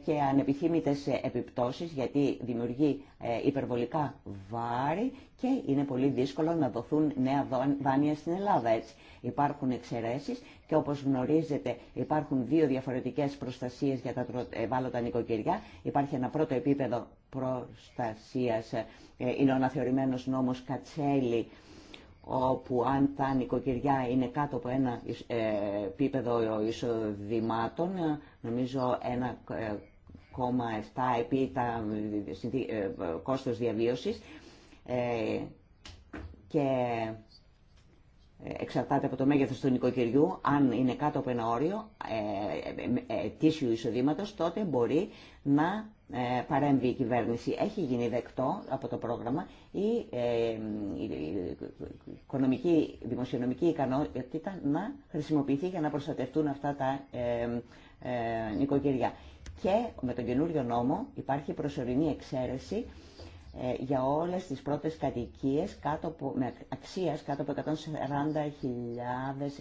και ανεπιθύμητες ε, επιπτώσεις γιατί δημιουργεί υπερβολικά βάρη και είναι πολύ δύσκολο να δοθούν νέα δάνεια στην Ελλάδα έτσι. Υπάρχουν εξαιρέσει και όπως γνωρίζετε υπάρχουν δύο διαφορετικές προστασίες για τα ευάλωτα νοικοκυριά. Υπάρχει ένα πρώτο επίπεδο προστασίας, είναι ο αναθεωρημένος νόμος Κατσέλη όπου αν τα νοικοκυριά είναι κάτω από ένα ε, επίπεδο εισοδημάτων, ε, νομίζω 1,7 ε, επί τα κόστος διαβίωσης και εξαρτάται από το μέγεθος του νοικοκυριού, αν είναι κάτω από ένα όριο ετήσιου εισοδήματος, τότε μπορεί να ε, παρέμβει η κυβέρνηση. Έχει γίνει δεκτό από το πρόγραμμα η, ε, η οικονομική, δημοσιονομική ικανότητα να χρησιμοποιηθεί για να προστατευτούν αυτά τα ε, νοικοκυριά. Και με τον καινούριο νόμο υπάρχει προσωρινή εξαίρεση ε, για όλες τις πρώτες κατοικίες κάτω με αξίας κάτω από 140.000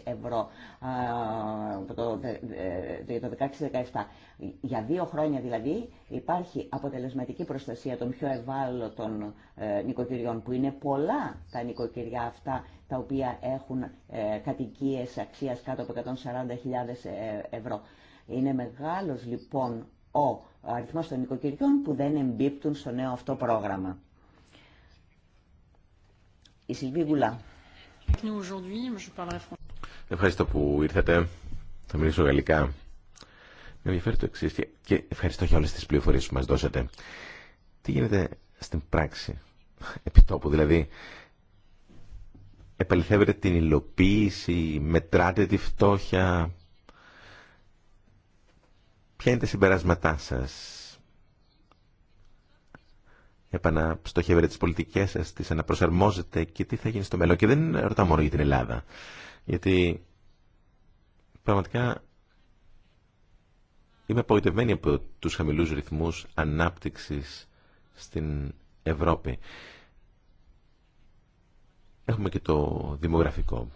ευρώ το, το 16-17. Για δύο χρόνια δηλαδή υπάρχει αποτελεσματική προστασία των πιο ευάλωτων ε, νοικοκυριών που είναι πολλά τα νοικοκυριά αυτά τα οποία έχουν ε, κατοικίες αξίας κάτω από 140.000 ευρώ. Είναι μεγάλος λοιπόν ο Αριθμό των οικοκυριών που δεν εμπίπτουν στο νέο αυτό πρόγραμμα. Η Σιλβί Γκουλά. Ευχαριστώ που ήρθατε. Θα μιλήσω γαλλικά. Με ενδιαφέρει το εξή και ευχαριστώ για όλε τι πληροφορίε που μα δώσατε. Τι γίνεται στην πράξη, τόπου. δηλαδή, επαληθεύετε την υλοποίηση, μετράτε τη φτώχεια, Ποια είναι τα συμπεράσματά σας επαναστοχεύετε τις πολιτικές σας, τις αναπροσαρμόζετε και τι θα γίνει στο μέλλον. Και δεν ρωτάω μόνο για την Ελλάδα. Γιατί πραγματικά είμαι απογοητευμένη από τους χαμηλούς ρυθμούς ανάπτυξης στην Ευρώπη. Έχουμε και το δημογραφικό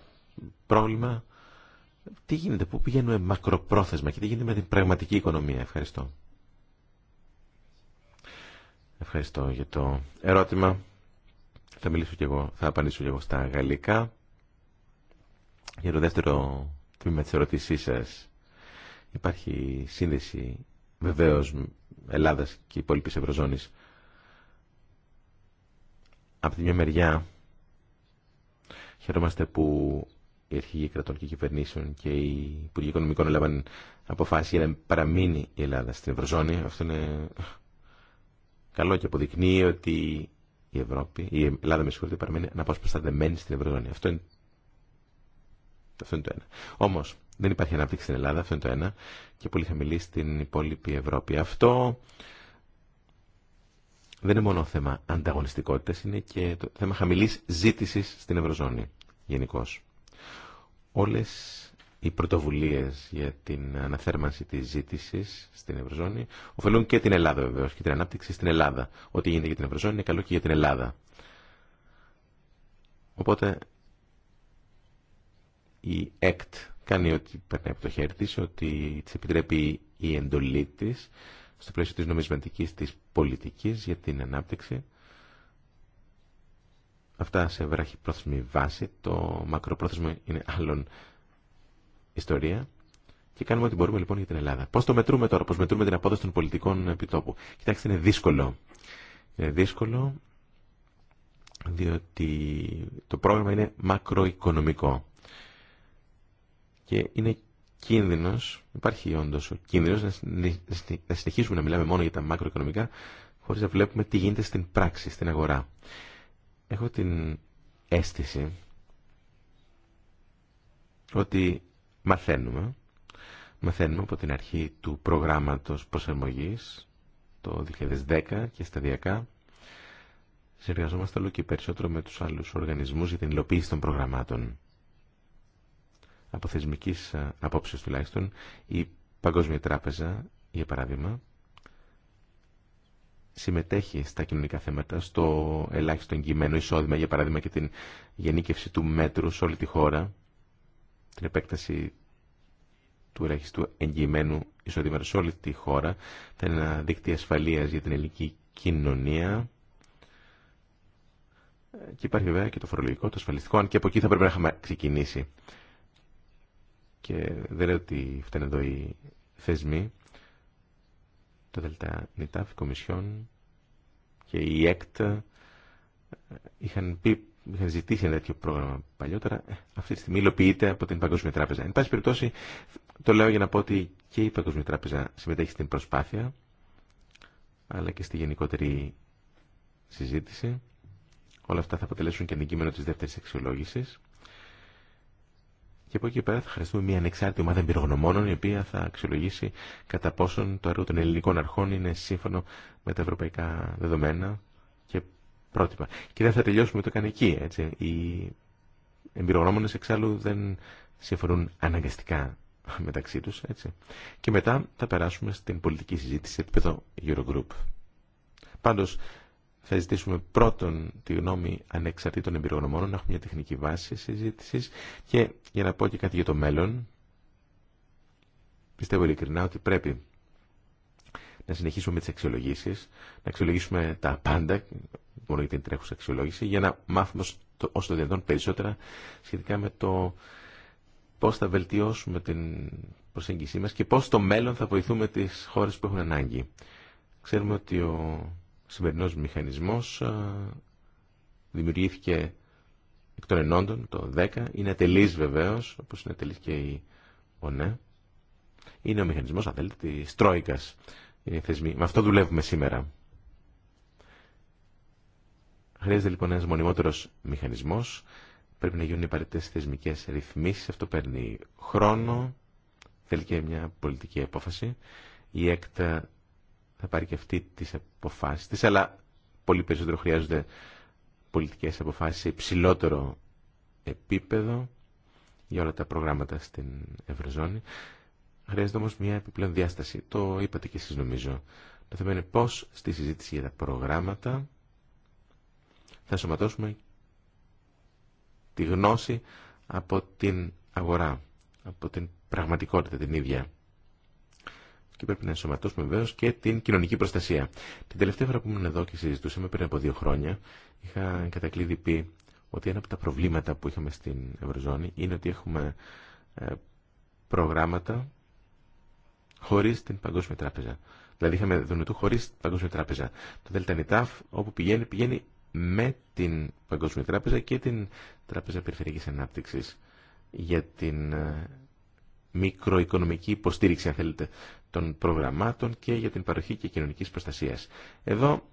πρόβλημα τι γίνεται, πού πηγαίνουμε μακροπρόθεσμα και τι γίνεται με την πραγματική οικονομία. Ευχαριστώ. Ευχαριστώ για το ερώτημα. Θα μιλήσω και εγώ, θα απαντήσω και εγώ στα γαλλικά. Για το δεύτερο τμήμα της ερωτήσής σας υπάρχει σύνδεση βεβαίως Ελλάδας και υπόλοιπης Ευρωζώνης. Από τη μια μεριά χαιρόμαστε που οι αρχηγοί κρατών και κυβερνήσεων και οι υπουργοί οικονομικών έλαβαν αποφάσει για να παραμείνει η Ελλάδα στην Ευρωζώνη. Αυτό είναι καλό και αποδεικνύει ότι η, Ευρώπη, η Ελλάδα με συγχωρείτε παραμένει αναπόσπαστα δεμένη στην Ευρωζώνη. Αυτό είναι, το ένα. Όμω δεν υπάρχει ανάπτυξη στην Ελλάδα, αυτό είναι το ένα, και πολύ χαμηλή στην υπόλοιπη Ευρώπη. Αυτό δεν είναι μόνο θέμα ανταγωνιστικότητα, είναι και το θέμα χαμηλή ζήτηση στην Ευρωζώνη γενικώ. Όλες οι πρωτοβουλίες για την αναθέρμανση της ζήτησης στην Ευρωζώνη ωφελούν και την Ελλάδα βεβαίω και την ανάπτυξη στην Ελλάδα. Ό,τι γίνεται για την Ευρωζώνη είναι καλό και για την Ελλάδα. Οπότε η ΕΚΤ κάνει ό,τι περνάει από το χέρι της, ότι της επιτρέπει η εντολή της στο πλαίσιο της νομισματικής της πολιτικής για την ανάπτυξη αυτά σε πρόθεσμη βάση. Το μακροπρόθεσμο είναι άλλον ιστορία. Και κάνουμε ό,τι μπορούμε λοιπόν για την Ελλάδα. Πώ το μετρούμε τώρα, πώ μετρούμε την απόδοση των πολιτικών επιτόπου. Κοιτάξτε, είναι δύσκολο. Είναι δύσκολο διότι το πρόγραμμα είναι μακροοικονομικό. Και είναι κίνδυνος, υπάρχει όντω ο κίνδυνος να συνεχίσουμε να μιλάμε μόνο για τα μακροοικονομικά χωρί να βλέπουμε τι γίνεται στην πράξη, στην αγορά. Έχω την αίσθηση ότι μαθαίνουμε, μαθαίνουμε από την αρχή του προγράμματος προσαρμογή το 2010 και σταδιακά συνεργαζόμαστε όλο και περισσότερο με τους άλλους οργανισμούς για την υλοποίηση των προγραμμάτων. Από θεσμικής ε, απόψεως τουλάχιστον, η Παγκόσμια Τράπεζα, για παράδειγμα, συμμετέχει στα κοινωνικά θέματα, στο ελάχιστο εγγυημένο εισόδημα, για παράδειγμα, και την γενίκευση του μέτρου σε όλη τη χώρα, την επέκταση του ελάχιστου εγγυημένου εισόδηματος σε όλη τη χώρα, θα είναι ένα δίκτυο ασφαλείας για την ελληνική κοινωνία και υπάρχει βέβαια και το φορολογικό, το ασφαλιστικό, αν και από εκεί θα πρέπει να είχαμε ξεκινήσει. Και δεν λέω ότι φτάνει εδώ οι θεσμοί, το ΔΕΛΤΑ ΝΙΤΑΦ, η Κομισιόν και η ΕΚΤ ε, είχαν, πει, είχαν ζητήσει ένα τέτοιο πρόγραμμα παλιότερα. Ε, αυτή τη στιγμή υλοποιείται από την Παγκόσμια Τράπεζα. Εν πάση περιπτώσει, το λέω για να πω ότι και η Παγκόσμια Τράπεζα συμμετέχει στην προσπάθεια, αλλά και στη γενικότερη συζήτηση. Όλα αυτά θα αποτελέσουν και αντικείμενο της δεύτερης αξιολόγησης. Και από εκεί και πέρα θα χρειαστούμε μια ανεξάρτητη ομάδα εμπειρογνωμόνων η οποία θα αξιολογήσει κατά πόσον το έργο των ελληνικών αρχών είναι σύμφωνο με τα ευρωπαϊκά δεδομένα και πρότυπα. Και δεν θα τελειώσουμε το καν εκεί. Έτσι. Οι εμπειρογνώμονε εξάλλου δεν συμφωνούν αναγκαστικά μεταξύ του. Και μετά θα περάσουμε στην πολιτική συζήτηση σε επίπεδο Eurogroup. Πάντως, θα ζητήσουμε πρώτον τη γνώμη ανεξαρτήτων εμπειρογνωμόνων, να έχουμε μια τεχνική βάση συζήτηση και για να πω και κάτι για το μέλλον, πιστεύω ειλικρινά ότι πρέπει να συνεχίσουμε με τι αξιολογήσει, να αξιολογήσουμε τα πάντα, μόνο για την τρέχουσα αξιολόγηση, για να μάθουμε όσο το δυνατόν περισσότερα σχετικά με το πώ θα βελτιώσουμε την προσέγγιση μα και πώ στο μέλλον θα βοηθούμε τι χώρε που έχουν ανάγκη. Ξέρουμε ότι ο σημερινό μηχανισμό δημιουργήθηκε εκ των ενόντων το 10. Είναι ατελή βεβαίω, όπω είναι ατελή και η ΟΝΕ. Είναι ο μηχανισμό αν θέλετε, της Τρόικας. Με αυτό δουλεύουμε σήμερα. Χρειάζεται λοιπόν ένα μονιμότερος μηχανισμό. Πρέπει να γίνουν οι παρετές θεσμικές ρυθμίσει. Αυτό παίρνει χρόνο. Θέλει και μια πολιτική απόφαση. Η ΕΚΤΑ θα πάρει και αυτή τις αποφάσεις τη, αλλά πολύ περισσότερο χρειάζονται πολιτικές αποφάσεις σε υψηλότερο επίπεδο για όλα τα προγράμματα στην Ευρωζώνη. Χρειάζεται όμω μια επιπλέον διάσταση. Το είπατε και εσείς νομίζω. Το θέμα είναι πώς στη συζήτηση για τα προγράμματα θα σωματώσουμε τη γνώση από την αγορά, από την πραγματικότητα την ίδια και πρέπει να ενσωματώσουμε βεβαίω και την κοινωνική προστασία. Την τελευταία φορά που ήμουν εδώ και συζητούσαμε πριν από δύο χρόνια, είχα κατακλείδη πει ότι ένα από τα προβλήματα που είχαμε στην Ευρωζώνη είναι ότι έχουμε ε, προγράμματα χωρί την Παγκόσμια Τράπεζα. Δηλαδή είχαμε δονητού χωρί την Παγκόσμια Τράπεζα. Το ΔΕΛΤΑΝΙΤΑΦ όπου πηγαίνει, πηγαίνει με την Παγκόσμια Τράπεζα και την Τράπεζα Περιφερειακής ανάπτυξη για την ε, μικροοικονομική υποστήριξη, αν θέλετε, των προγραμμάτων και για την παροχή και κοινωνικής προστασίας. Εδώ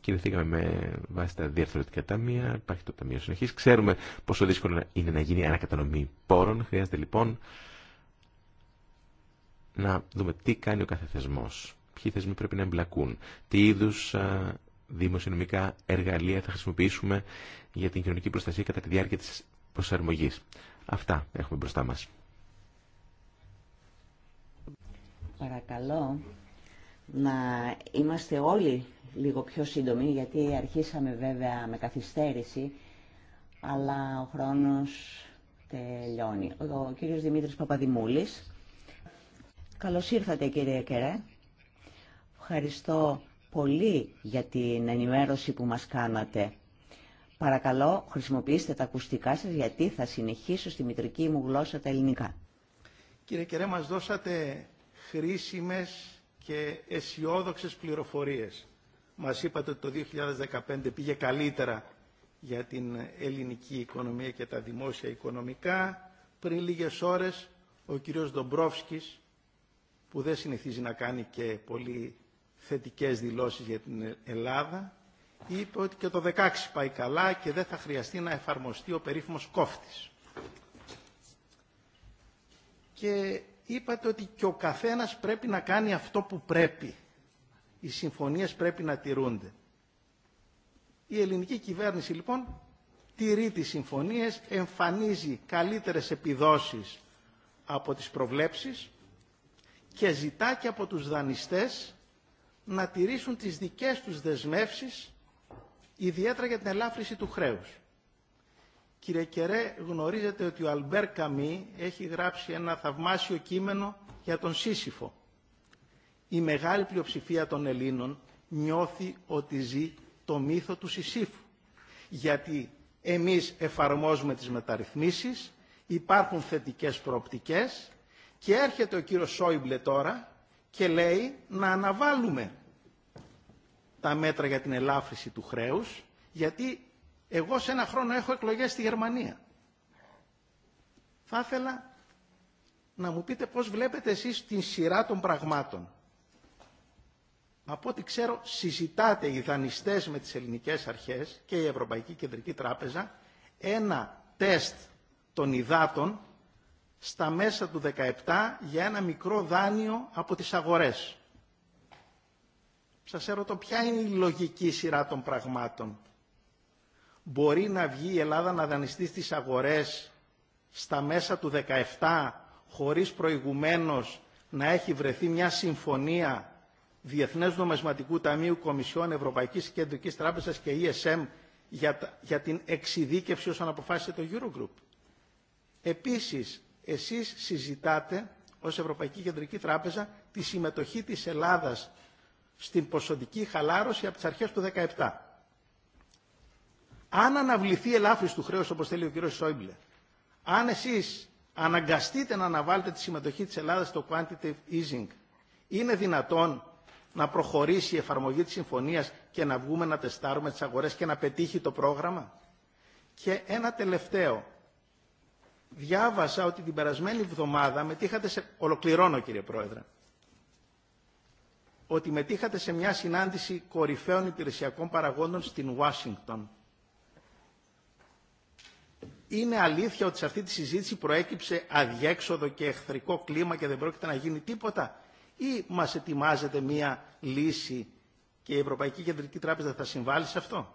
κινηθήκαμε με βάση τα διαρθρωτικά ταμεία, υπάρχει το Ταμείο Συνεχής. Ξέρουμε πόσο δύσκολο είναι να γίνει ανακατανομή πόρων. Χρειάζεται λοιπόν να δούμε τι κάνει ο κάθε θεσμό, ποιοι θεσμοί πρέπει να εμπλακούν, τι είδου δημοσιονομικά εργαλεία θα χρησιμοποιήσουμε για την κοινωνική προστασία κατά τη διάρκεια τη προσαρμογή. Αυτά έχουμε μπροστά μας. παρακαλώ να είμαστε όλοι λίγο πιο σύντομοι, γιατί αρχίσαμε βέβαια με καθυστέρηση, αλλά ο χρόνος τελειώνει. Ο κύριος Δημήτρης Παπαδημούλης. Καλώς ήρθατε κύριε Κερέ. Ευχαριστώ πολύ για την ενημέρωση που μας κάνατε. Παρακαλώ, χρησιμοποιήστε τα ακουστικά σας, γιατί θα συνεχίσω στη μητρική μου γλώσσα τα ελληνικά. Κύριε Κερέ, μας δώσατε χρήσιμες και αισιόδοξε πληροφορίες. Μας είπατε ότι το 2015 πήγε καλύτερα για την ελληνική οικονομία και τα δημόσια οικονομικά. Πριν λίγες ώρες ο κύριος Δομπρόφσκης, που δεν συνηθίζει να κάνει και πολύ θετικές δηλώσεις για την Ελλάδα, είπε ότι και το 16 πάει καλά και δεν θα χρειαστεί να εφαρμοστεί ο περίφημος κόφτης. Και είπατε ότι και ο καθένας πρέπει να κάνει αυτό που πρέπει. Οι συμφωνίες πρέπει να τηρούνται. Η ελληνική κυβέρνηση λοιπόν τηρεί τις συμφωνίες, εμφανίζει καλύτερες επιδόσεις από τις προβλέψεις και ζητά και από τους δανειστές να τηρήσουν τις δικές τους δεσμεύσεις, ιδιαίτερα για την ελάφρυση του χρέους. Κύριε Κερέ, γνωρίζετε ότι ο Αλμπέρ Καμί έχει γράψει ένα θαυμάσιο κείμενο για τον Σύσυφο. Η μεγάλη πλειοψηφία των Ελλήνων νιώθει ότι ζει το μύθο του Συσύφου. Γιατί εμείς εφαρμόζουμε τις μεταρρυθμίσεις, υπάρχουν θετικές προοπτικές και έρχεται ο κύριος Σόιμπλε τώρα και λέει να αναβάλουμε τα μέτρα για την ελάφρυση του χρέους γιατί εγώ σε ένα χρόνο έχω εκλογές στη Γερμανία. Θα ήθελα να μου πείτε πώς βλέπετε εσείς την σειρά των πραγμάτων. Από ό,τι ξέρω συζητάτε οι δανειστές με τις ελληνικές αρχές και η Ευρωπαϊκή Κεντρική Τράπεζα ένα τεστ των υδάτων στα μέσα του 17 για ένα μικρό δάνειο από τις αγορές. Σας ερωτώ ποια είναι η λογική σειρά των πραγμάτων μπορεί να βγει η Ελλάδα να δανειστεί στις αγορές στα μέσα του 17 χωρίς προηγουμένως να έχει βρεθεί μια συμφωνία Διεθνές Νομεσματικού Ταμείου Κομισιών Ευρωπαϊκής Κεντρικής Τράπεζας και ESM για, για την εξειδίκευση όσον αποφάσισε το Eurogroup. Επίσης, εσείς συζητάτε ως Ευρωπαϊκή Κεντρική Τράπεζα τη συμμετοχή της Ελλάδας στην ποσοτική χαλάρωση από τις αρχές του 2017 αν αναβληθεί ελάφρυνση του χρέου όπω θέλει ο κύριο Σόιμπλε, αν εσεί αναγκαστείτε να αναβάλλετε τη συμμετοχή τη Ελλάδα στο quantitative easing, είναι δυνατόν να προχωρήσει η εφαρμογή τη συμφωνία και να βγούμε να τεστάρουμε τι αγορέ και να πετύχει το πρόγραμμα. Και ένα τελευταίο. Διάβασα ότι την περασμένη εβδομάδα μετήχατε σε... Ολοκληρώνω κύριε Πρόεδρε. Ότι μετήχατε σε μια συνάντηση κορυφαίων υπηρεσιακών παραγόντων στην Ουάσιγκτον είναι αλήθεια ότι σε αυτή τη συζήτηση προέκυψε αδιέξοδο και εχθρικό κλίμα και δεν πρόκειται να γίνει τίποτα ή μας ετοιμάζεται μία λύση και η Ευρωπαϊκή Κεντρική Τράπεζα θα συμβάλλει σε αυτό.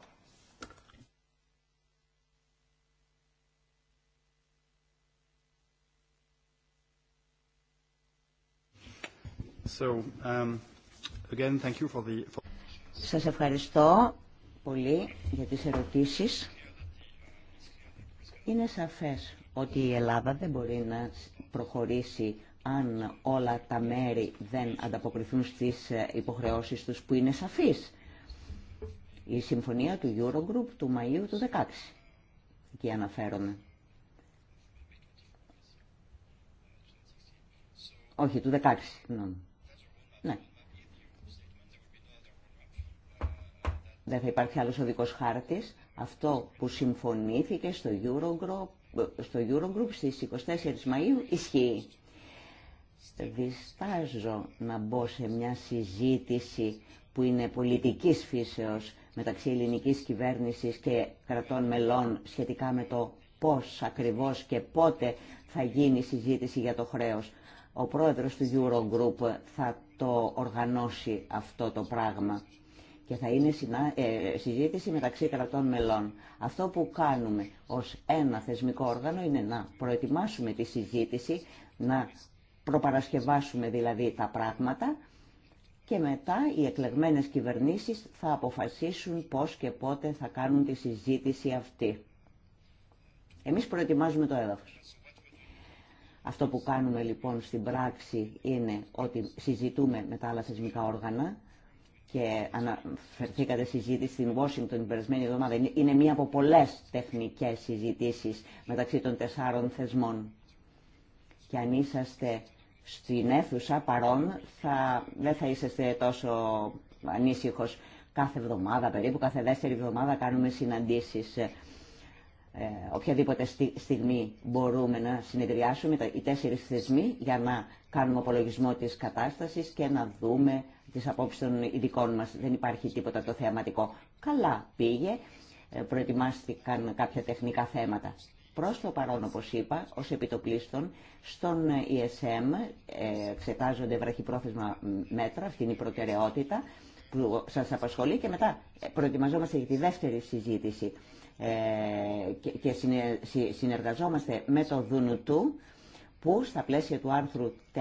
So, um, again, thank you for the... Σας ευχαριστώ πολύ για τις ερωτήσεις. Είναι σαφές ότι η Ελλάδα δεν μπορεί να προχωρήσει αν όλα τα μέρη δεν ανταποκριθούν στις ε, υποχρεώσεις τους που είναι σαφείς. Η συμφωνία του Eurogroup του Μαΐου του 16. Εκεί αναφέρομαι. Όχι, του 16, Ναι. Δεν θα υπάρχει άλλος οδικός χάρτης. Αυτό που συμφωνήθηκε στο Eurogroup, στο Eurogroup στις 24 Μαΐου ισχύει. Διστάζω να μπω σε μια συζήτηση που είναι πολιτικής φύσεως μεταξύ ελληνικής κυβέρνησης και κρατών μελών σχετικά με το πώς ακριβώς και πότε θα γίνει η συζήτηση για το χρέος. Ο πρόεδρος του Eurogroup θα το οργανώσει αυτό το πράγμα και θα είναι ε, συζήτηση μεταξύ κρατών μελών. Αυτό που κάνουμε ως ένα θεσμικό όργανο είναι να προετοιμάσουμε τη συζήτηση, να προπαρασκευάσουμε δηλαδή τα πράγματα και μετά οι εκλεγμένες κυβερνήσεις θα αποφασίσουν πώς και πότε θα κάνουν τη συζήτηση αυτή. Εμείς προετοιμάζουμε το έδαφος. Αυτό που κάνουμε λοιπόν στην πράξη είναι ότι συζητούμε με τα άλλα θεσμικά όργανα, και αναφερθήκατε συζήτηση στην Washington την περασμένη εβδομάδα. Είναι μία από πολλέ τεχνικέ συζητήσει μεταξύ των τεσσάρων θεσμών. Και αν είσαστε στην αίθουσα παρόν, θα, δεν θα είσαστε τόσο ανήσυχο Κάθε εβδομάδα περίπου, κάθε δεύτερη εβδομάδα κάνουμε συναντήσει. Ε, οποιαδήποτε στιγμή μπορούμε να συνεδριάσουμε οι τέσσερις θεσμοί για να κάνουμε απολογισμό της κατάστασης και να δούμε τις απόψεις των ειδικών μας. Δεν υπάρχει τίποτα το θεαματικό. Καλά πήγε, ε, προετοιμάστηκαν κάποια τεχνικά θέματα. Προς το παρόν, όπως είπα, ως επιτοπλίστων, στον ESM ε εξετάζονται βραχυπρόθεσμα μέτρα, αυτή είναι η προτεραιότητα που σας απασχολεί και μετά προετοιμαζόμαστε για τη δεύτερη συζήτηση. Ε, και συνεργαζόμαστε με το Δουνουτού που στα πλαίσια του άρθρου 4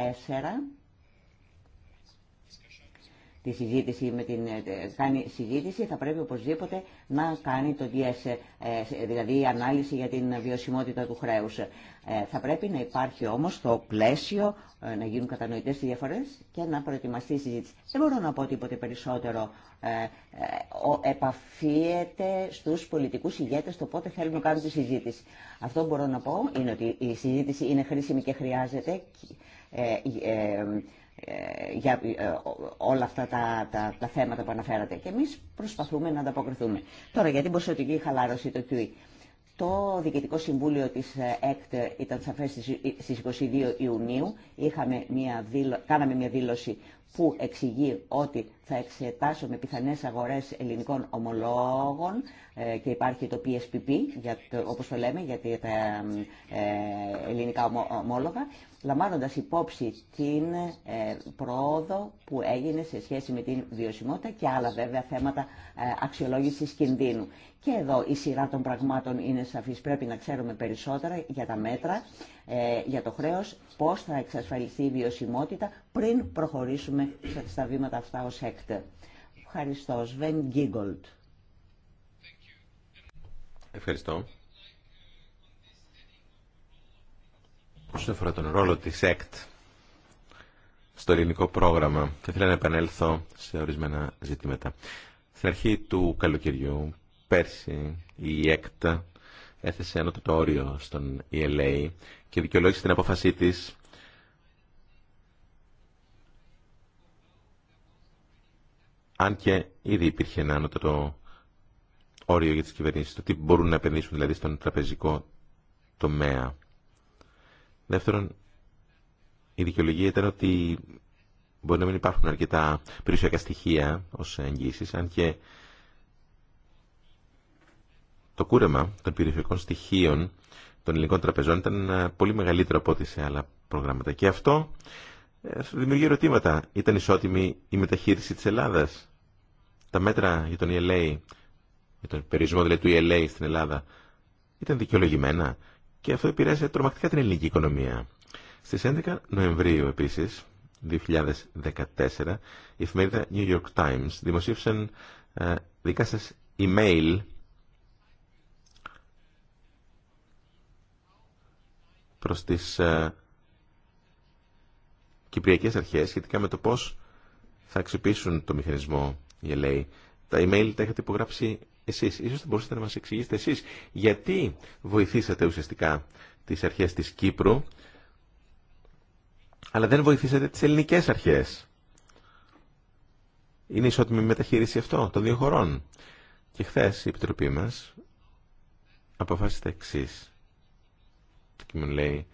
τη συζήτηση με την, ε, κάνει συζήτηση, θα πρέπει οπωσδήποτε να κάνει το DS, ε, δηλαδή η ανάλυση για την βιωσιμότητα του χρέους. Ε, θα πρέπει να υπάρχει όμως το πλαίσιο, να γίνουν κατανοητές οι διαφορές και να προετοιμαστεί η συζήτηση. Δεν μπορώ να πω τίποτε περισσότερο. Επαφίεται στους πολιτικούς ηγέτες το πότε θέλουν να κάνουν τη συζήτηση. Αυτό που μπορώ να πω είναι ότι η συζήτηση είναι χρήσιμη και χρειάζεται ε, για ε, όλα αυτά τα, τα, τα, θέματα που αναφέρατε. Και εμείς προσπαθούμε να ανταποκριθούμε. Τώρα για την ποσοτική χαλάρωση του QE. Το Διοικητικό Συμβούλιο της ε, ΕΚΤ ήταν σαφές στις 22 Ιουνίου. Είχαμε μια δήλω... Κάναμε μια δήλωση που εξηγεί ότι θα εξετάσουμε πιθανές αγορές ελληνικών ομολόγων ε, και υπάρχει το PSPP, για το, όπως λέμε, για τα ε, ε, ελληνικά ομόλογα, λαμβάνοντας υπόψη την πρόοδο που έγινε σε σχέση με την βιωσιμότητα και άλλα βέβαια θέματα αξιολόγησης κινδύνου. Και εδώ η σειρά των πραγμάτων είναι σαφής. Πρέπει να ξέρουμε περισσότερα για τα μέτρα, για το χρέος, πώς θα εξασφαλιστεί η βιωσιμότητα πριν προχωρήσουμε στα βήματα αυτά ως Ευχαριστώ. Σβέν Γκίγκολτ. Ευχαριστώ. Όσον αφορά τον ρόλο της ΕΚΤ στο ελληνικό πρόγραμμα, θα ήθελα να επανέλθω σε ορισμένα ζητήματα. Στην αρχή του καλοκαιριού, πέρσι, η ΕΚΤ έθεσε ένα το στον ELA και δικαιολόγησε την απόφασή της αν και ήδη υπήρχε ένα ανώτατο όριο για τις κυβερνήσεις, το τι μπορούν να επενδύσουν δηλαδή στον τραπεζικό τομέα. Δεύτερον, η δικαιολογία ήταν ότι μπορεί να μην υπάρχουν αρκετά περιουσιακά στοιχεία ως εγγύσεις, αν και το κούρεμα των περιουσιακών στοιχείων των ελληνικών τραπεζών ήταν ε, πολύ μεγαλύτερο από ό,τι σε άλλα προγράμματα. Και αυτό ε, δημιουργεί ερωτήματα. Ήταν ισότιμη η μεταχείριση της Ελλάδας τα μέτρα για τον ELA, για τον περιορισμό δηλαδή του ELA στην Ελλάδα, ήταν δικαιολογημένα και αυτό επηρέασε τρομακτικά την ελληνική οικονομία. Στις 11 Νοεμβρίου επίση, 2014, η εφημερίδα New York Times δημοσίευσε δικά σα email προς τις ε, κυπριακές αρχές σχετικά με το πώς θα αξιοποιήσουν το μηχανισμό λέει, τα email τα έχετε υπογράψει εσείς. Ίσως θα μπορούσατε να μας εξηγήσετε εσείς γιατί βοηθήσατε ουσιαστικά τις αρχές της Κύπρου, αλλά δεν βοηθήσατε τις ελληνικές αρχές. Είναι ισότιμη μεταχείριση αυτό των δύο χωρών. Και χθε η Επιτροπή μας αποφάσισε τα εξή. Το κείμενο λέει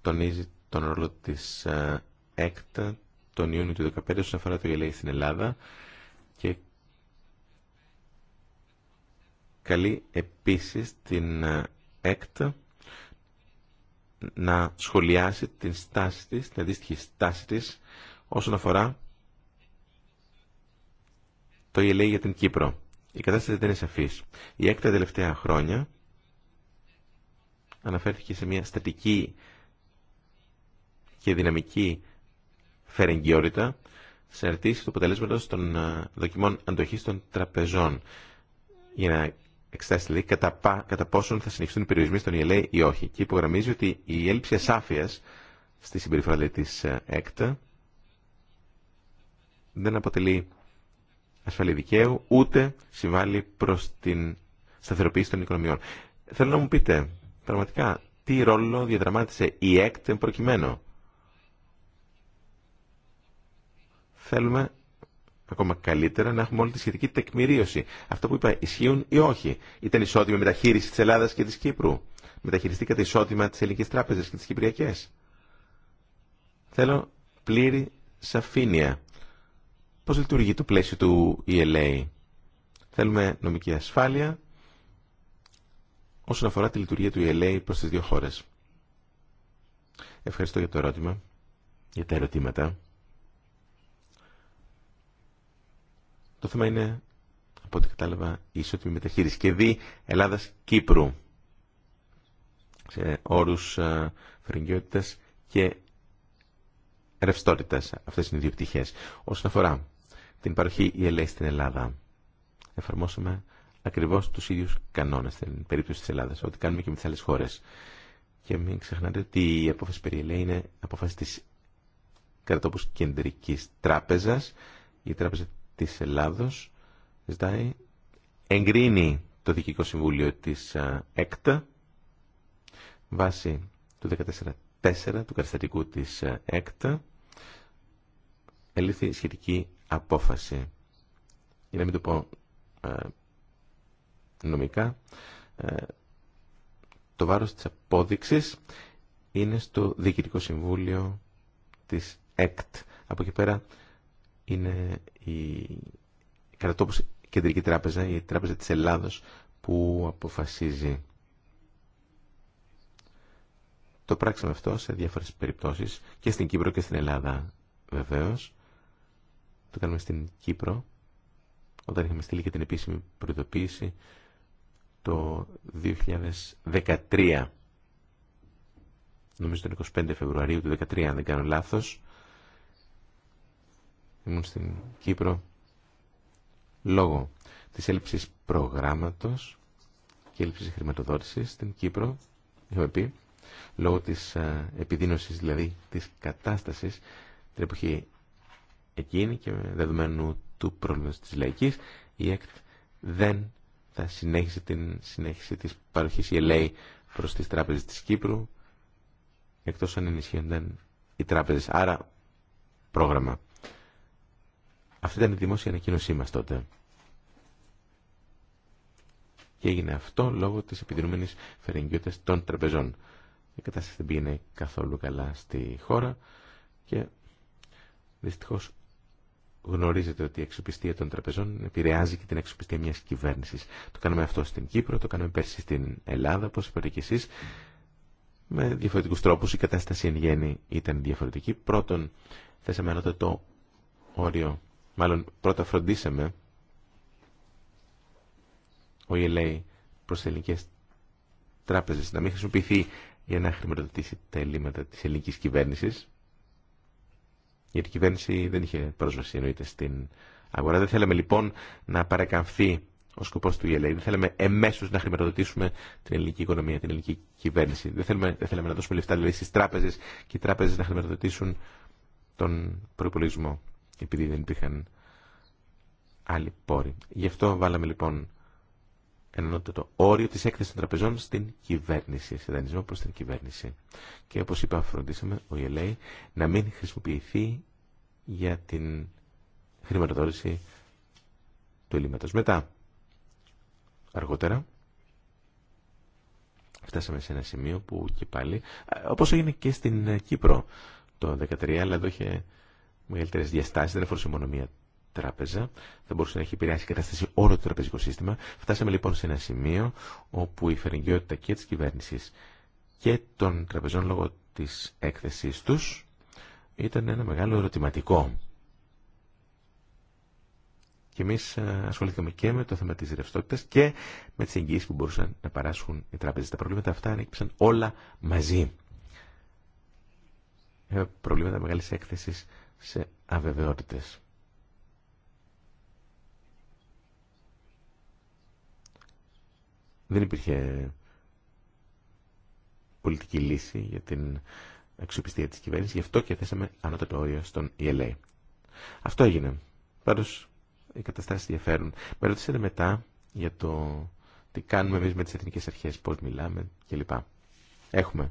τονίζει τον ρόλο της ε, ΕΚΤΑ, τον Ιούνιο του 2015 όσον αφορά το γελέι στην Ελλάδα και καλεί επίσης την ε, ΕΚΤ να σχολιάσει την στάση της, την αντίστοιχη στάση της όσον αφορά το ELA για την Κύπρο. Η κατάσταση δεν είναι σαφής. Η ΕΚΤ τα τελευταία χρόνια αναφέρθηκε σε μια στατική και δυναμική σε αρτήσει του αποτελέσματο των ε, δοκιμών αντοχή των τραπεζών. Για να εξετάσει λέει, δηλαδή, κατά, κατά πόσον θα συνεχιστούν οι περιορισμοί στον ΙΕΛΕ ή όχι. Και υπογραμμίζει ότι η έλλειψη ασάφεια στη συμπεριφορά τη ΕΚΤ δεν αποτελεί ασφαλή δικαίου, ούτε συμβάλλει προ την σταθεροποίηση των οικονομιών. Θέλω να μου πείτε, πραγματικά, τι ρόλο διαδραμάτισε η ΕΚΤ προκειμένου. θέλουμε ακόμα καλύτερα να έχουμε όλη τη σχετική τεκμηρίωση. Αυτό που είπα, ισχύουν ή όχι. Ήταν ισότιμη μεταχείριση τη Ελλάδα και τη Κύπρου. Μεταχειριστήκατε ισότιμα τι ελληνικέ τράπεζε και τι κυπριακέ. Θέλω πλήρη σαφήνεια. Πώ λειτουργεί το πλαίσιο του ELA. Θέλουμε νομική ασφάλεια όσον αφορά τη λειτουργία του ELA προς τις δύο χώρες. Ευχαριστώ για το ερώτημα, για τα ερωτήματα. Το θέμα είναι, από ό,τι κατάλαβα, ισότιμη μεταχείριση και δι Ελλάδας-Κύπρου σε όρους ε, φρεγγιότητας και ρευστότητας. Αυτές είναι οι δύο πτυχές. Όσον αφορά την παροχή ΕΛΕ στην Ελλάδα, εφαρμόσαμε ακριβώς τους ίδιους κανόνες στην περίπτωση της Ελλάδας, ό,τι κάνουμε και με τις άλλες χώρες. Και μην ξεχνάτε ότι η απόφαση περί είναι απόφαση της κρατόπους κεντρικής τράπεζας. Η τράπεζα της Ελλάδος ζητάει, εγκρίνει το Διοικητικό Συμβούλιο της ε, ΕΚΤΑ βάσει του 14.4 του καταστατικού της ε, ΕΚΤΑ ελήφθη σχετική απόφαση. Για να μην το πω ε, νομικά, το βάρος της απόδειξης είναι στο Διοικητικό Συμβούλιο της ΕΚΤ. Από εκεί πέρα είναι η κρατόπους κεντρική τράπεζα, η τράπεζα της Ελλάδος που αποφασίζει. Το πράξαμε αυτό σε διάφορες περιπτώσεις και στην Κύπρο και στην Ελλάδα βεβαίως. Το κάνουμε στην Κύπρο όταν είχαμε στείλει και την επίσημη προειδοποίηση το 2013. Νομίζω τον 25 Φεβρουαρίου του 2013 αν δεν κάνω λάθος ήμουν στην Κύπρο λόγω της έλλειψης προγράμματος και έλλειψης χρηματοδότησης στην Κύπρο, είχαμε πει, λόγω της ε, επιδείνωσης δηλαδή της κατάστασης την εποχή εκείνη και δεδομένου του πρόβληματος της λαϊκής, η ΕΚΤ δεν θα συνέχισε την συνέχιση της παροχής ΕΛΕΗ προς τις τράπεζες της Κύπρου, εκτός αν ενισχύονταν οι τράπεζες. Άρα, πρόγραμμα. Αυτή ήταν η δημόσια ανακοίνωσή μας τότε. Και έγινε αυτό λόγω της επιδρούμενης φερεγγιότητας των τραπεζών. Η κατάσταση δεν πήγαινε καθόλου καλά στη χώρα και δυστυχώς γνωρίζετε ότι η αξιοπιστία των τραπεζών επηρεάζει και την αξιοπιστία μιας κυβέρνησης. Το κάναμε αυτό στην Κύπρο, το κάναμε πέρσι στην Ελλάδα, όπως είπατε και εσείς. Με διαφορετικούς τρόπους η κατάσταση εν γέννη ήταν διαφορετική. Πρώτον, θέσαμε ένα το όριο Μάλλον πρώτα φροντίσαμε ο ELA προ τι ελληνικέ τράπεζε να μην χρησιμοποιηθεί για να χρηματοδοτήσει τα ελλείμματα τη ελληνική κυβέρνηση. Γιατί η κυβέρνηση δεν είχε πρόσβαση εννοείται στην αγορά. Δεν θέλαμε λοιπόν να παρακαμφθεί ο σκοπό του ELA. Δεν θέλαμε εμέσω να χρηματοδοτήσουμε την ελληνική οικονομία, την ελληνική κυβέρνηση. Δεν, θέλουμε, θέλαμε να δώσουμε λεφτά δηλαδή στι τράπεζε και οι τράπεζε να χρηματοδοτήσουν τον προπολογισμό επειδή δεν υπήρχαν άλλοι πόροι. Γι' αυτό βάλαμε λοιπόν το όριο της έκθεσης των τραπεζών στην κυβέρνηση, σε δανεισμό προς την κυβέρνηση. Και όπως είπα φροντίσαμε ο ΙΕΛΕΙ να μην χρησιμοποιηθεί για την χρηματοδότηση του ελλείμματος. Μετά, αργότερα, φτάσαμε σε ένα σημείο που και πάλι, ε, όπως έγινε και στην Κύπρο το 2013, αλλά εδώ είχε μεγαλύτερε διαστάσει, δεν αφορούσε μόνο μία τράπεζα, θα μπορούσε να έχει επηρεάσει η κατάσταση όλο το τραπεζικό σύστημα. Φτάσαμε λοιπόν σε ένα σημείο όπου η φερεγγιότητα και τη κυβέρνηση και των τραπεζών λόγω τη έκθεσή του ήταν ένα μεγάλο ερωτηματικό. Και εμεί ε, ασχοληθήκαμε και με το θέμα τη ρευστότητα και με τι εγγύσει που μπορούσαν να παράσχουν οι τράπεζε. Τα προβλήματα αυτά ανέκυψαν όλα μαζί. Ε, προβλήματα μεγάλη έκθεση σε αβεβαιότητες. Δεν υπήρχε πολιτική λύση για την αξιοπιστία της κυβέρνησης, γι' αυτό και θέσαμε ανώτατο όριο στον ELA. Αυτό έγινε. Πάντως, οι καταστάσεις διαφέρουν. Με ρωτήσατε μετά για το τι κάνουμε εμείς με τις εθνικές αρχές, πώς μιλάμε κλπ. Έχουμε.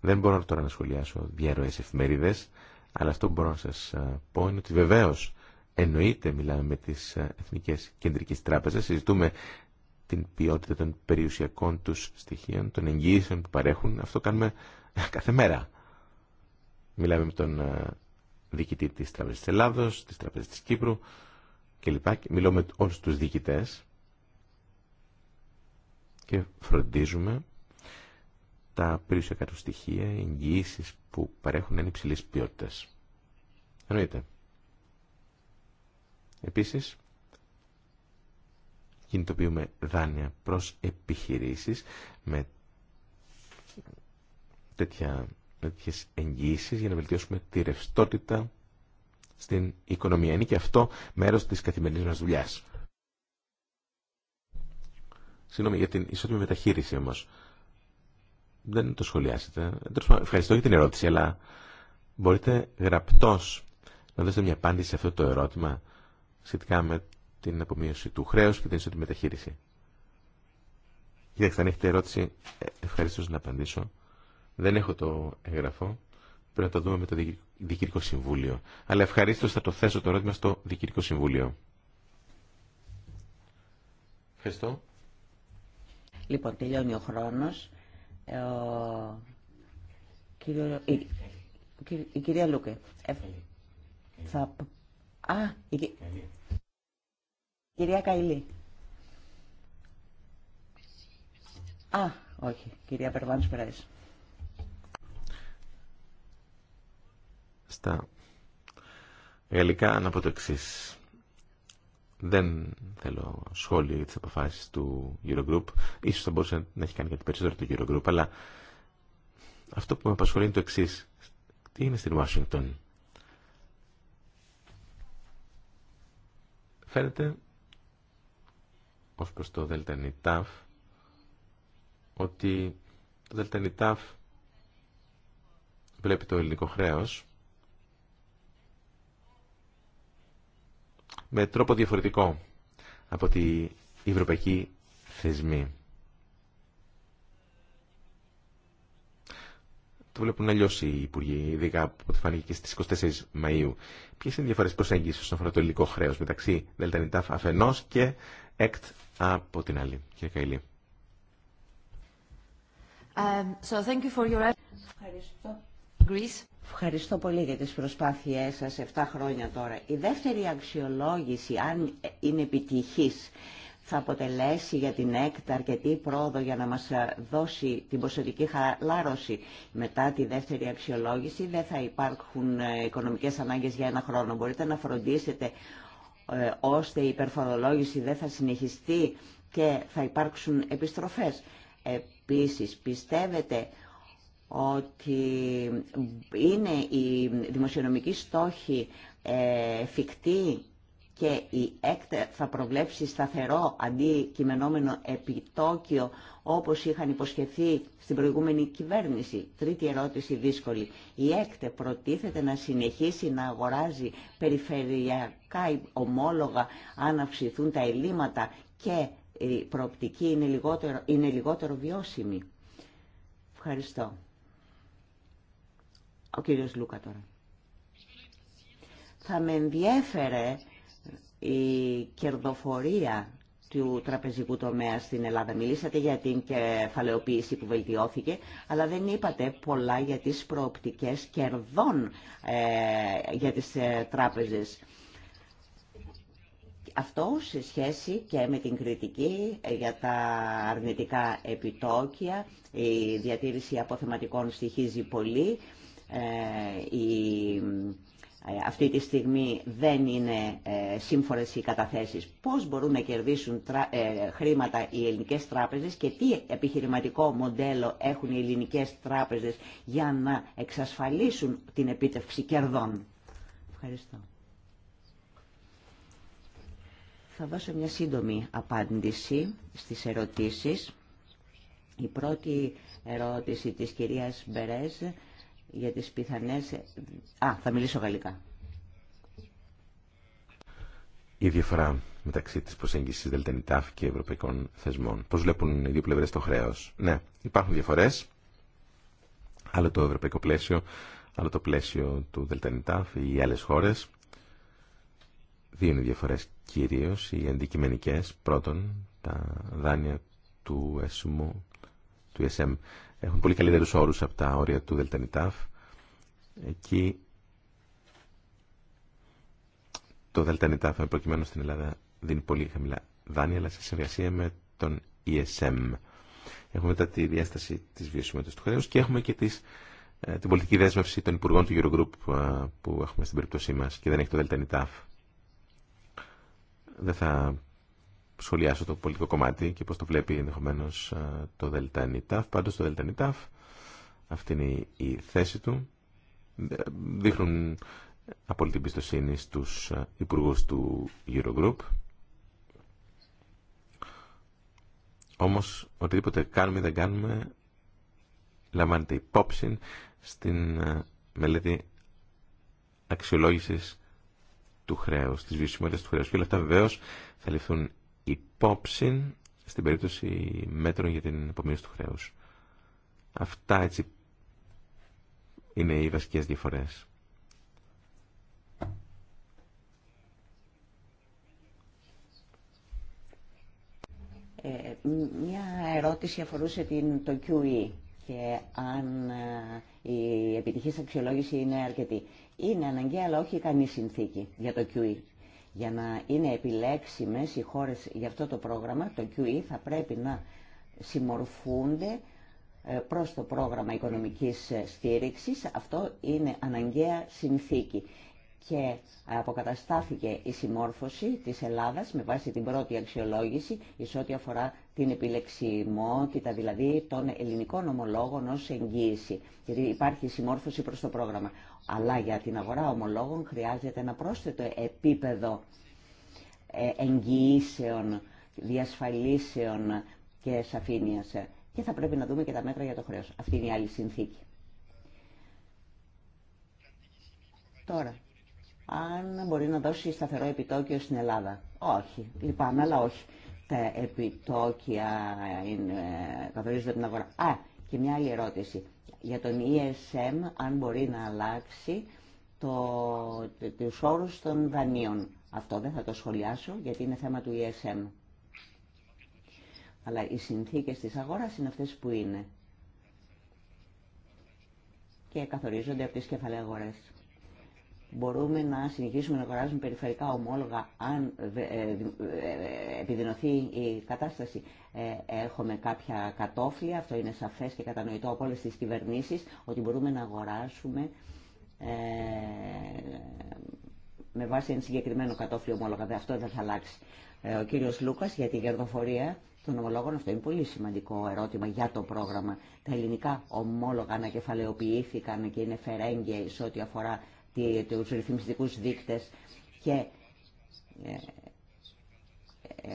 Δεν μπορώ τώρα να σχολιάσω διαρροές εφημερίδες, αλλά αυτό που μπορώ να σας ε, πω είναι ότι βεβαίως εννοείται μιλάμε με τις ε, Εθνικές Κεντρικές Τράπεζες, συζητούμε την ποιότητα των περιουσιακών τους στοιχείων, των εγγύσεων που παρέχουν. Αυτό κάνουμε ε, κάθε μέρα. Μιλάμε με τον διοικητή της Τράπεζας της Ελλάδος, της Τράπεζας της Κύπρου κλπ. Μιλώ με όλους τους διοικητές και φροντίζουμε τα περιουσιακά του στοιχεία, που παρέχουν είναι υψηλή ποιότητα. Εννοείται. Επίση, κινητοποιούμε δάνεια προ επιχειρήσει με τέτοια, τέτοιες εγγυήσεις για να βελτιώσουμε τη ρευστότητα στην οικονομία. Είναι και αυτό μέρος της καθημερινής μας δουλειάς. Συγγνώμη για την ισότιμη μεταχείριση όμως δεν το σχολιάσετε. Ευχαριστώ για την ερώτηση, αλλά μπορείτε γραπτός να δώσετε μια απάντηση σε αυτό το ερώτημα σχετικά με την απομείωση του χρέου και την ισότιμη μεταχείριση. Κοιτάξτε, αν έχετε ερώτηση, ε, ευχαριστώ να απαντήσω. Δεν έχω το εγγραφό. Πρέπει να το δούμε με το Διοικητικό Συμβούλιο. Αλλά ευχαρίστω θα το θέσω το ερώτημα στο Διοικητικό Συμβούλιο. Ευχαριστώ. Λοιπόν, τελειώνει ο χρόνος. Ε, κύριο, η, η, κυρία Λούκε. Ε, θα, α, η, κυρία Καηλή. Α, όχι, κυρία Περβάνης Περάης. Στα γαλλικά να πω το δεν θέλω σχόλιο για τι αποφάσει του Eurogroup. Ίσως θα μπορούσε να έχει κάνει κάτι περισσότερο το Eurogroup, αλλά αυτό που με απασχολεί είναι το εξή. Τι είναι στην Ουάσιγκτον. Φαίνεται ως προς το ΔΕΛΤΑΝΙΤΑΦ ότι το ΔΕΛΤΑΝΙΤΑΦ βλέπει το ελληνικό χρέος με τρόπο διαφορετικό από τη ευρωπαϊκή θεσμή. Το βλέπουν αλλιώ οι υπουργοί, ειδικά από ό,τι φάνηκε και στι 24 Μαου. Ποιε είναι οι διαφορέ προσέγγιση όσον αφορά το ελληνικό χρέο μεταξύ ΔΝΤ αφενό και ΕΚΤ από την άλλη. Κύριε Καηλή. Um, so thank you for your... Greece. Ευχαριστώ πολύ για τις προσπάθειές σας 7 χρόνια τώρα. Η δεύτερη αξιολόγηση, αν είναι επιτυχής, θα αποτελέσει για την ΕΚΤ αρκετή πρόοδο για να μας δώσει την ποσοτική χαλάρωση. Μετά τη δεύτερη αξιολόγηση δεν θα υπάρχουν ε, οικονομικές ανάγκες για ένα χρόνο. Μπορείτε να φροντίσετε ε, ώστε η υπερφορολόγηση δεν θα συνεχιστεί και θα υπάρξουν επιστροφές. Επίσης, πιστεύετε ότι είναι η δημοσιονομική στόχοι ε, φυκτοί και η ΕΚΤ θα προβλέψει σταθερό αντικειμενόμενο επιτόκιο όπως είχαν υποσχεθεί στην προηγούμενη κυβέρνηση. Τρίτη ερώτηση δύσκολη. Η ΕΚΤ προτίθεται να συνεχίσει να αγοράζει περιφερειακά ομόλογα αν αυξηθούν τα ελλείμματα και η προοπτική είναι λιγότερο, είναι λιγότερο βιώσιμη. Ευχαριστώ. Ο κύριος Θα με ενδιέφερε η κερδοφορία του τραπεζικού τομέα στην Ελλάδα. Μιλήσατε για την κεφαλαιοποίηση που βελτιώθηκε, αλλά δεν είπατε πολλά για τις προοπτικές κερδών ε, για τις ε, τράπεζες. Αυτό σε σχέση και με την κριτική ε, για τα αρνητικά επιτόκια, η διατήρηση αποθεματικών στοιχίζει πολύ. Ε, ε, αυτή τη στιγμή δεν είναι ε, σύμφωνες οι καταθέσεις. Πώς μπορούν να κερδίσουν χρήματα οι ελληνικές τράπεζες και τι επιχειρηματικό μοντέλο έχουν οι ελληνικές τράπεζες για να εξασφαλίσουν την επίτευξη κερδών. Ευχαριστώ. Θα δώσω μια σύντομη απάντηση στις ερωτήσεις. Η πρώτη ερώτηση της κυρίας Μπερέζ για τις πιθανές... Α, θα μιλήσω γαλλικά. Η διαφορά μεταξύ της προσέγγισης ΔΕΛΤΑΝΙΤΑΦ και ευρωπαϊκών θεσμών. Πώς βλέπουν οι δύο πλευρές το χρέος. Ναι, υπάρχουν διαφορές. Άλλο το ευρωπαϊκό πλαίσιο, άλλο το πλαίσιο του ΔΕΛΤΑΝΙΤΑΦ ή άλλες χώρες. Δύο είναι οι διαφορές κυρίως, οι αντικειμενικές. Πρώτον, τα δάνεια του ΕΣΜΟ, του ΕΣΜ έχουν πολύ καλύτερους όρους από τα όρια του ΔΕΛΤΑΝΙΤΑΦ. Εκεί το ΔΕΛΤΑΝΙΤΑΦ προκειμένου στην Ελλάδα δίνει πολύ χαμηλά δάνεια, αλλά σε συνεργασία με τον ESM. Έχουμε μετά τη διάσταση της βιωσιμότητας του χρέους και έχουμε και τις, ε, την πολιτική δέσμευση των υπουργών του Eurogroup ε, που έχουμε στην περίπτωσή μας και δεν έχει το ΔΕΛΤΑΝΙΤΑΦ. Δεν θα σχολιάσω το πολιτικό κομμάτι και πώς το βλέπει ενδεχομένω ε, το ΔΕΛΤΑΝΙΤΑΦ. Πάντως το ΔΕΛΤΑΝΙΤΑΦ, αυτή είναι η θέση του, ε, δείχνουν απόλυτη εμπιστοσύνη στους ε, υπουργούς του Eurogroup. Όμως, οτιδήποτε κάνουμε ή δεν κάνουμε, λαμβάνεται υπόψη στην μελέτη αξιολόγησης του χρέους, της βιωσιμότητας του χρέους. Και όλα αυτά θα ληφθούν υπόψη στην περίπτωση μέτρων για την απομείωση του χρέους. Αυτά έτσι είναι οι βασικές διαφορές. Ε, μια ερώτηση αφορούσε την, το QE και αν ε, η επιτυχής αξιολόγηση είναι αρκετή. Είναι αναγκαία αλλά όχι ικανή συνθήκη για το QE. Για να είναι επιλέξιμες οι χώρες για αυτό το πρόγραμμα, το QE θα πρέπει να συμμορφούνται ε, προς το πρόγραμμα οικονομικής ε, στήριξης. Αυτό είναι αναγκαία συνθήκη και αποκαταστάθηκε η συμμόρφωση της Ελλάδας με βάση την πρώτη αξιολόγηση εις ό,τι αφορά την επιλεξιμότητα, δηλαδή των ελληνικών ομολόγων ως εγγύηση. Γιατί υπάρχει συμμόρφωση προς το πρόγραμμα. Αλλά για την αγορά ομολόγων χρειάζεται ένα πρόσθετο επίπεδο ε, εγγυήσεων, διασφαλίσεων και σαφήνειας. Και θα πρέπει να δούμε και τα μέτρα για το χρέος. Αυτή είναι η άλλη συνθήκη. Τώρα, αν μπορεί να δώσει σταθερό επιτόκιο στην Ελλάδα. Όχι, λυπάμαι, αλλά όχι. Τα επιτόκια είναι, καθορίζονται από την αγορά. Α, και μια άλλη ερώτηση. Για τον ESM, αν μπορεί να αλλάξει το, τους όρους των δανείων. Αυτό δεν θα το σχολιάσω, γιατί είναι θέμα του ESM. Αλλά οι συνθήκες της αγοράς είναι αυτές που είναι. Και καθορίζονται από τις κεφαλαίες αγορές μπορούμε να συνεχίσουμε να αγοράζουμε περιφερικά ομόλογα αν ε, ε, ε, επιδεινωθεί η κατάσταση. Έχουμε κάποια κατόφλια, αυτό είναι σαφές και κατανοητό από όλες τις κυβερνήσεις, ότι μπορούμε να αγοράσουμε με βάση ένα συγκεκριμένο κατόφλιο ομόλογα. Αυτό δεν θα αλλάξει. Ο κύριος Λούκας για τη γερδοφορία των ομολόγων, αυτό είναι πολύ σημαντικό ερώτημα για το πρόγραμμα. Τα ελληνικά ομόλογα ανακεφαλαιοποιήθηκαν και είναι φερέγγια σε ό,τι αφορά τους ρυθμιστικούς δείκτες και ε, ε,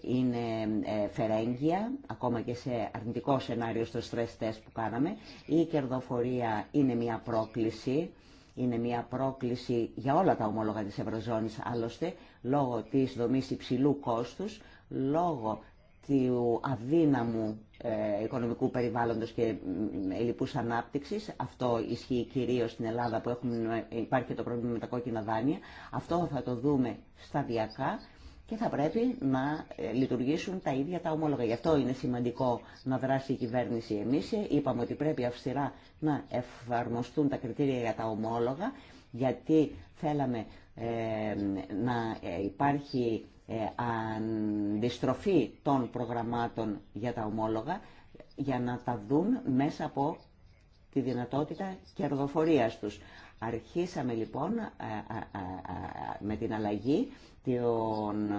είναι ε, φερέγγια, ακόμα και σε αρνητικό σενάριο στο stress test που κάναμε. Η κερδοφορία είναι μια πρόκληση, είναι μια πρόκληση για όλα τα ομόλογα της Ευρωζώνης άλλωστε, λόγω της δομής υψηλού κόστους, λόγω του αδύναμου ε, οικονομικού περιβάλλοντος και ελλειπούς ανάπτυξης. Αυτό ισχύει κυρίως στην Ελλάδα που έχουμε, ε, υπάρχει το πρόβλημα με τα κόκκινα δάνεια. Αυτό θα το δούμε σταδιακά και θα πρέπει να ε, λειτουργήσουν τα ίδια τα ομόλογα. Γι' αυτό είναι σημαντικό να δράσει η κυβέρνηση εμείς. Είπαμε ότι πρέπει αυστηρά να εφαρμοστούν τα κριτήρια για τα ομόλογα, γιατί θέλαμε να υπάρχει ε, αντιστροφή των προγραμμάτων για τα ομόλογα για να τα δουν μέσα από τη δυνατότητα κερδοφορίας τους. Αρχίσαμε λοιπόν ε, ε, με την αλλαγή των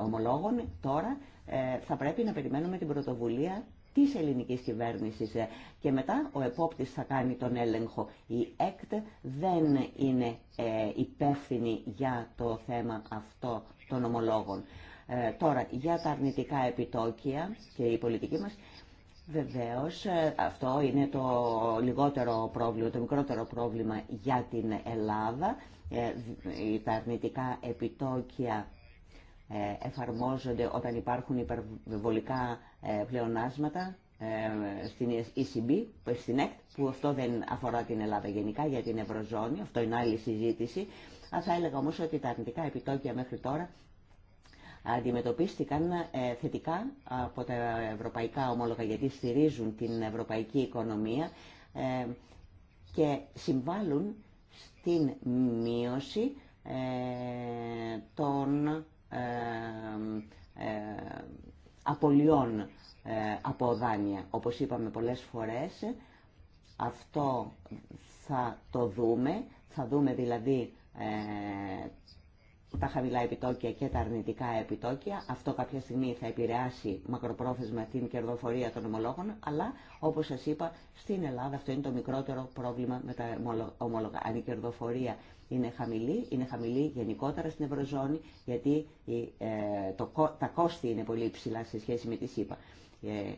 ομολόγων. Τώρα θα πρέπει να περιμένουμε την πρωτοβουλία Τη ελληνικής κυβέρνησης ε, και μετά ο επόπτης θα κάνει τον έλεγχο. Η ΕΚΤ δεν είναι ε, υπεύθυνη για το θέμα αυτό των ομολόγων. Ε, τώρα, για τα αρνητικά επιτόκια και η πολιτική μας, βεβαίως αυτό είναι το λιγότερο πρόβλημα, το μικρότερο πρόβλημα για την Ελλάδα. Τα αρνητικά επιτόκια ε, εφαρμόζονται όταν υπάρχουν υπερβολικά ε, πλεονάσματα ε, στην ECB, στην ΕΚΤ, που αυτό δεν αφορά την Ελλάδα γενικά για την Ευρωζώνη, αυτό είναι άλλη συζήτηση. θα έλεγα όμως ότι τα αρνητικά επιτόκια μέχρι τώρα αντιμετωπίστηκαν θετικά από τα ευρωπαϊκά ομόλογα γιατί στηρίζουν την ευρωπαϊκή οικονομία και συμβάλλουν στην μείωση των ε, ε, απολειών ε, από δάνεια. Όπως είπαμε πολλές φορές, αυτό θα το δούμε. Θα δούμε δηλαδή τα χαμηλά επιτόκια και τα αρνητικά επιτόκια. Αυτό κάποια στιγμή θα επηρεάσει μακροπρόθεσμα την κερδοφορία των ομολόγων, αλλά όπως σας είπα, στην Ελλάδα αυτό είναι το μικρότερο πρόβλημα με τα ομόλογα. Αν η κερδοφορία είναι χαμηλή, είναι χαμηλή γενικότερα στην Ευρωζώνη, γιατί ε, το, τα κόστη είναι πολύ υψηλά σε σχέση με τη ΣΥΠΑ. Ε,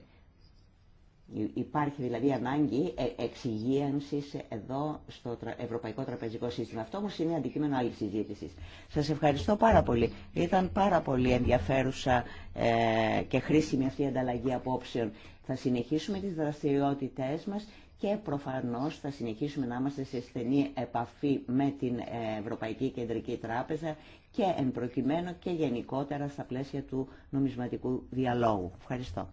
υπάρχει δηλαδή ανάγκη ε, εξυγίανσης εδώ στο Ευρωπαϊκό Τραπεζικό Σύστημα. Αυτό όμως είναι αντικείμενο άλλη συζήτηση. Σας ευχαριστώ πάρα πολύ. Ήταν πάρα πολύ ενδιαφέρουσα και χρήσιμη αυτή η ανταλλαγή απόψεων. Θα συνεχίσουμε τις δραστηριότητές μας και προφανώς θα συνεχίσουμε να είμαστε σε στενή επαφή με την Ευρωπαϊκή Κεντρική Τράπεζα και εν και γενικότερα στα πλαίσια του νομισματικού διαλόγου. Ευχαριστώ.